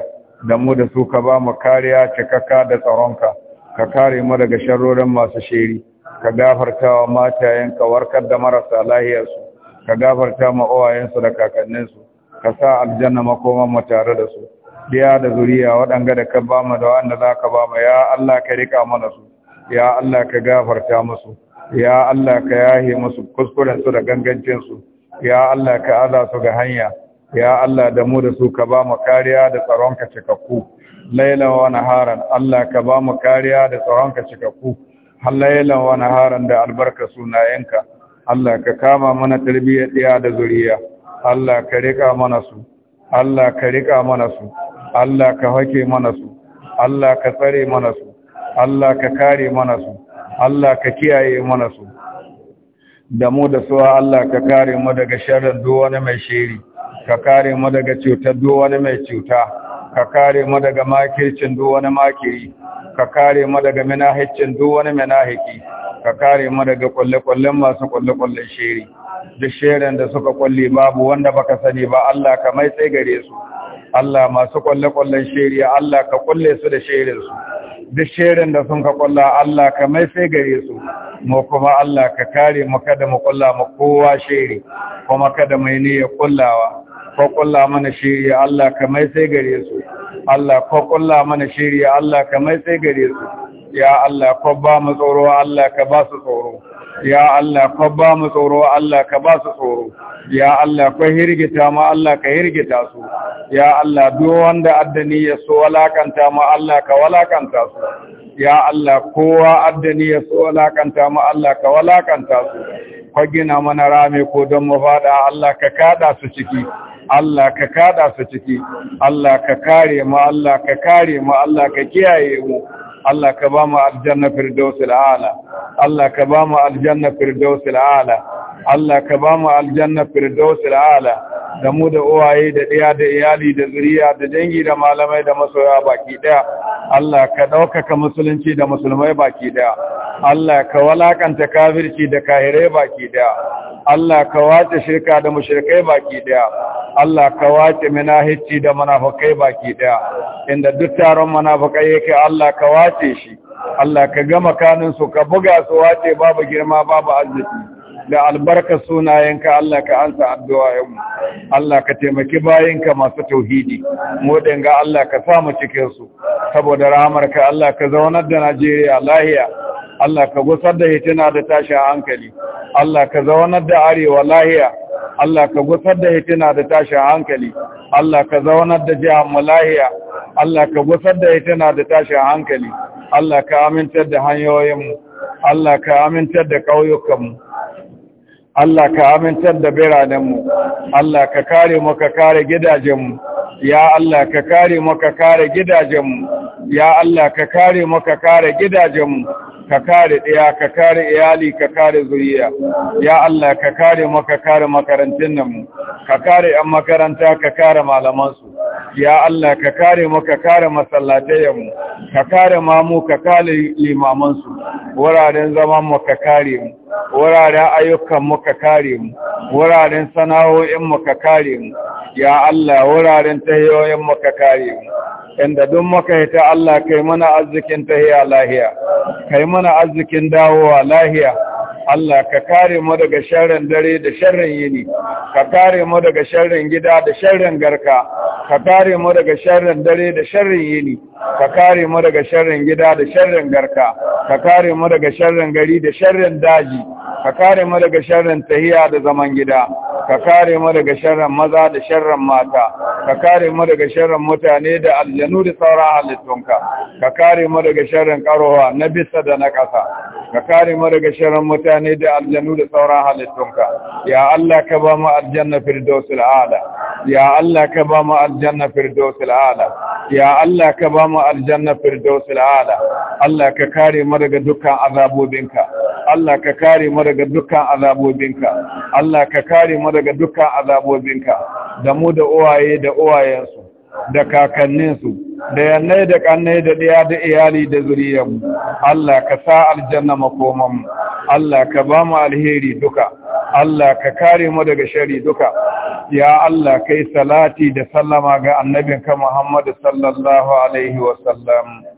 da mu da su ka ba mu kariya cikakka da tsaronka ka kare mu daga sharrorin masu shiri ka gafarta wa matayen ka warkar da marasa lahiyarsu ka gafarta ma uwayensu da kakanninsu ka sa aljanna makoman mu tare da su biya da zuriya waɗanga da ka ba mu da wanda za ka ba mu ya Allah ka rika mana su ya Allah ka gafarta musu ya Allah ka yahi musu kuskurensu da gangancinsu ya Allah ka aza su ga hanya ya Allah da mu da su ka ba mu kariya da tsaronka cikakku laila wa naharan Allah ka ba mu kariya da tsaronka cikakku halayelan wa naharan da albarka sunayenka Allah ka kama mana tarbiyyar ɗaya da zuriya Allah ka rika mana su Allah ka rika mana su Allah ka hake mana su Allah ka tsare mana su Allah ka kare mana su Allah ka kiyaye mana su da mu da suwa Allah ka kare mu daga sharar duk wani mai shiri ka kare mu daga cutar duk wani mai cuta ka kare mu daga makircin duk wani makiri ka kare mu daga minahicin duk wani minahiki ka kare mu daga kulle-kullen masu kulle-kullen shiri duk shirin da suka kulli babu wanda baka sani ba Allah ka mai sai gare su Allah masu kulle-kullen shiri Allah ka kulle su da shirin su duk shirin da sun ka kulla Allah ka mai sai gare su mu kuma Allah ka kare mu kada mu kulla mu kowa shiri kuma kada mai niyyar kullawa kwakwalla mana shiri Allah kamar sai gare su Allah kwakwalla mana shiri Allah kamar sai gare su ya Allah kwabba mu tsoro Allah ka ba su tsoro ya Allah kwabba mu tsoro Allah ka ba su tsoro ya Allah kwa hirgita mu Allah ka hirgita su ya Allah duk wanda addani ya so walakanta mu Allah ka walakanta su ya Allah kowa addani ya so walakanta mu Allah ka walakanta su ka mana rami ko don mu Allah ka kada su ciki Allah ka kada su ciki Allah ka kare mu Allah ka kare mu Allah ka kiyaye mu Allah ka ba mu aljanna firdausul a'la Allah ka ba mu aljanna firdausil al'ala Allah ka ba mu aljanna firdausil al'ala da mu da uwaye da ɗaya da iyali da zuriya da dangi da malamai da masoya baki ɗaya Allah ka ɗaukaka musulunci da musulmai baki ɗaya Allah ka walakanta kafirci da kahirai baki ɗaya Allah ka wace shirka da mushrikai baki ɗaya Allah ka wace munafici da munafukai baki ɗaya inda duk taron munafukai yake Allah ka wace shi Allah ka gama kaninsu ka buga su wace babu girma babu arziki da albarka sunayenka Allah ka ansa addu'a yau. Allah ka taimaki bayinka masu tauhidi mu dinga Allah ka mu cikin su saboda ka, Allah ka zaunar da Najeriya lahiya Allah ka gusar da hitina da tashin hankali Allah ka zaunar da arewa lahiya Allah ka gusar da hitina da tashin hankali Allah ka zaunar da jihar mu lahiya Allah ka gusar da hitina da tashin hankali Allah ka amintar da hanyoyinmu Allah ka amintar da ƙauyukanmu Allah ka amintar da biranenmu Allah ka kare mu ka kare gidajenmu ya Allah ka kare mu ka kare gidajenmu ya Allah ka kare mu ka kare gidajenmu ka kare ɗaya ka kare iyali ka kare zuriya ya Allah ka kare mu ka kare makarantun nan mu ka kare yan makaranta ka kare malaman su ya Allah ka kare mu ka kare masallatayen mu ka kare mamu ka kare limaman su wuraren zaman mu ka kare mu wuraren ayyukan mu ka kare mu wuraren sana'o'in mu ka kare mu ya Allah wuraren tayoyin mu ka kare mu inda duk muka yi ta Allah kai mana arzikin tahiya lahiya kai mana arzikin dawowa lahiya Allah ka kare mu daga sharrin dare da sharrin yini ka kare mu daga sharrin gida da sharrin garka ka kare mu daga sharrin dare da sharrin yini ka kare mu daga sharrin gida da sharrin garka ka kare mu daga sharrin gari da sharrin daji ka kare mu daga sharrin tahiya da zaman gida ka kare mu daga sharrin maza da sharrin mata ka kare mu daga sharrin mutane da al aljanu da sauran halittunka ka kare mu daga sharrin karowa na bisa da na ƙasa ka kare mu daga sharrin mutane da aljanu da sauran halittunka ya Allah ka ba mu aljanna firdausul a'la ya Allah ka ba mu aljanna firdausul a'la ya Allah ka ba mu aljanna firdausul a'la Allah ka kare mu daga dukkan azabobinka Allah ka kare mu daga dukkan azabobinka Allah ka kare mu daga dukkan azabobinka da mu da uwaye da uwayensu da kakanninsu da yannai da kannai da ɗaya da iyali da mu. Allah ka sa aljanna makomanmu Allah ka ba mu alheri duka Allah ka kare mu daga shari duka ya Allah kai salati da sallama ga annabinka Muhammad sallallahu alaihi sallam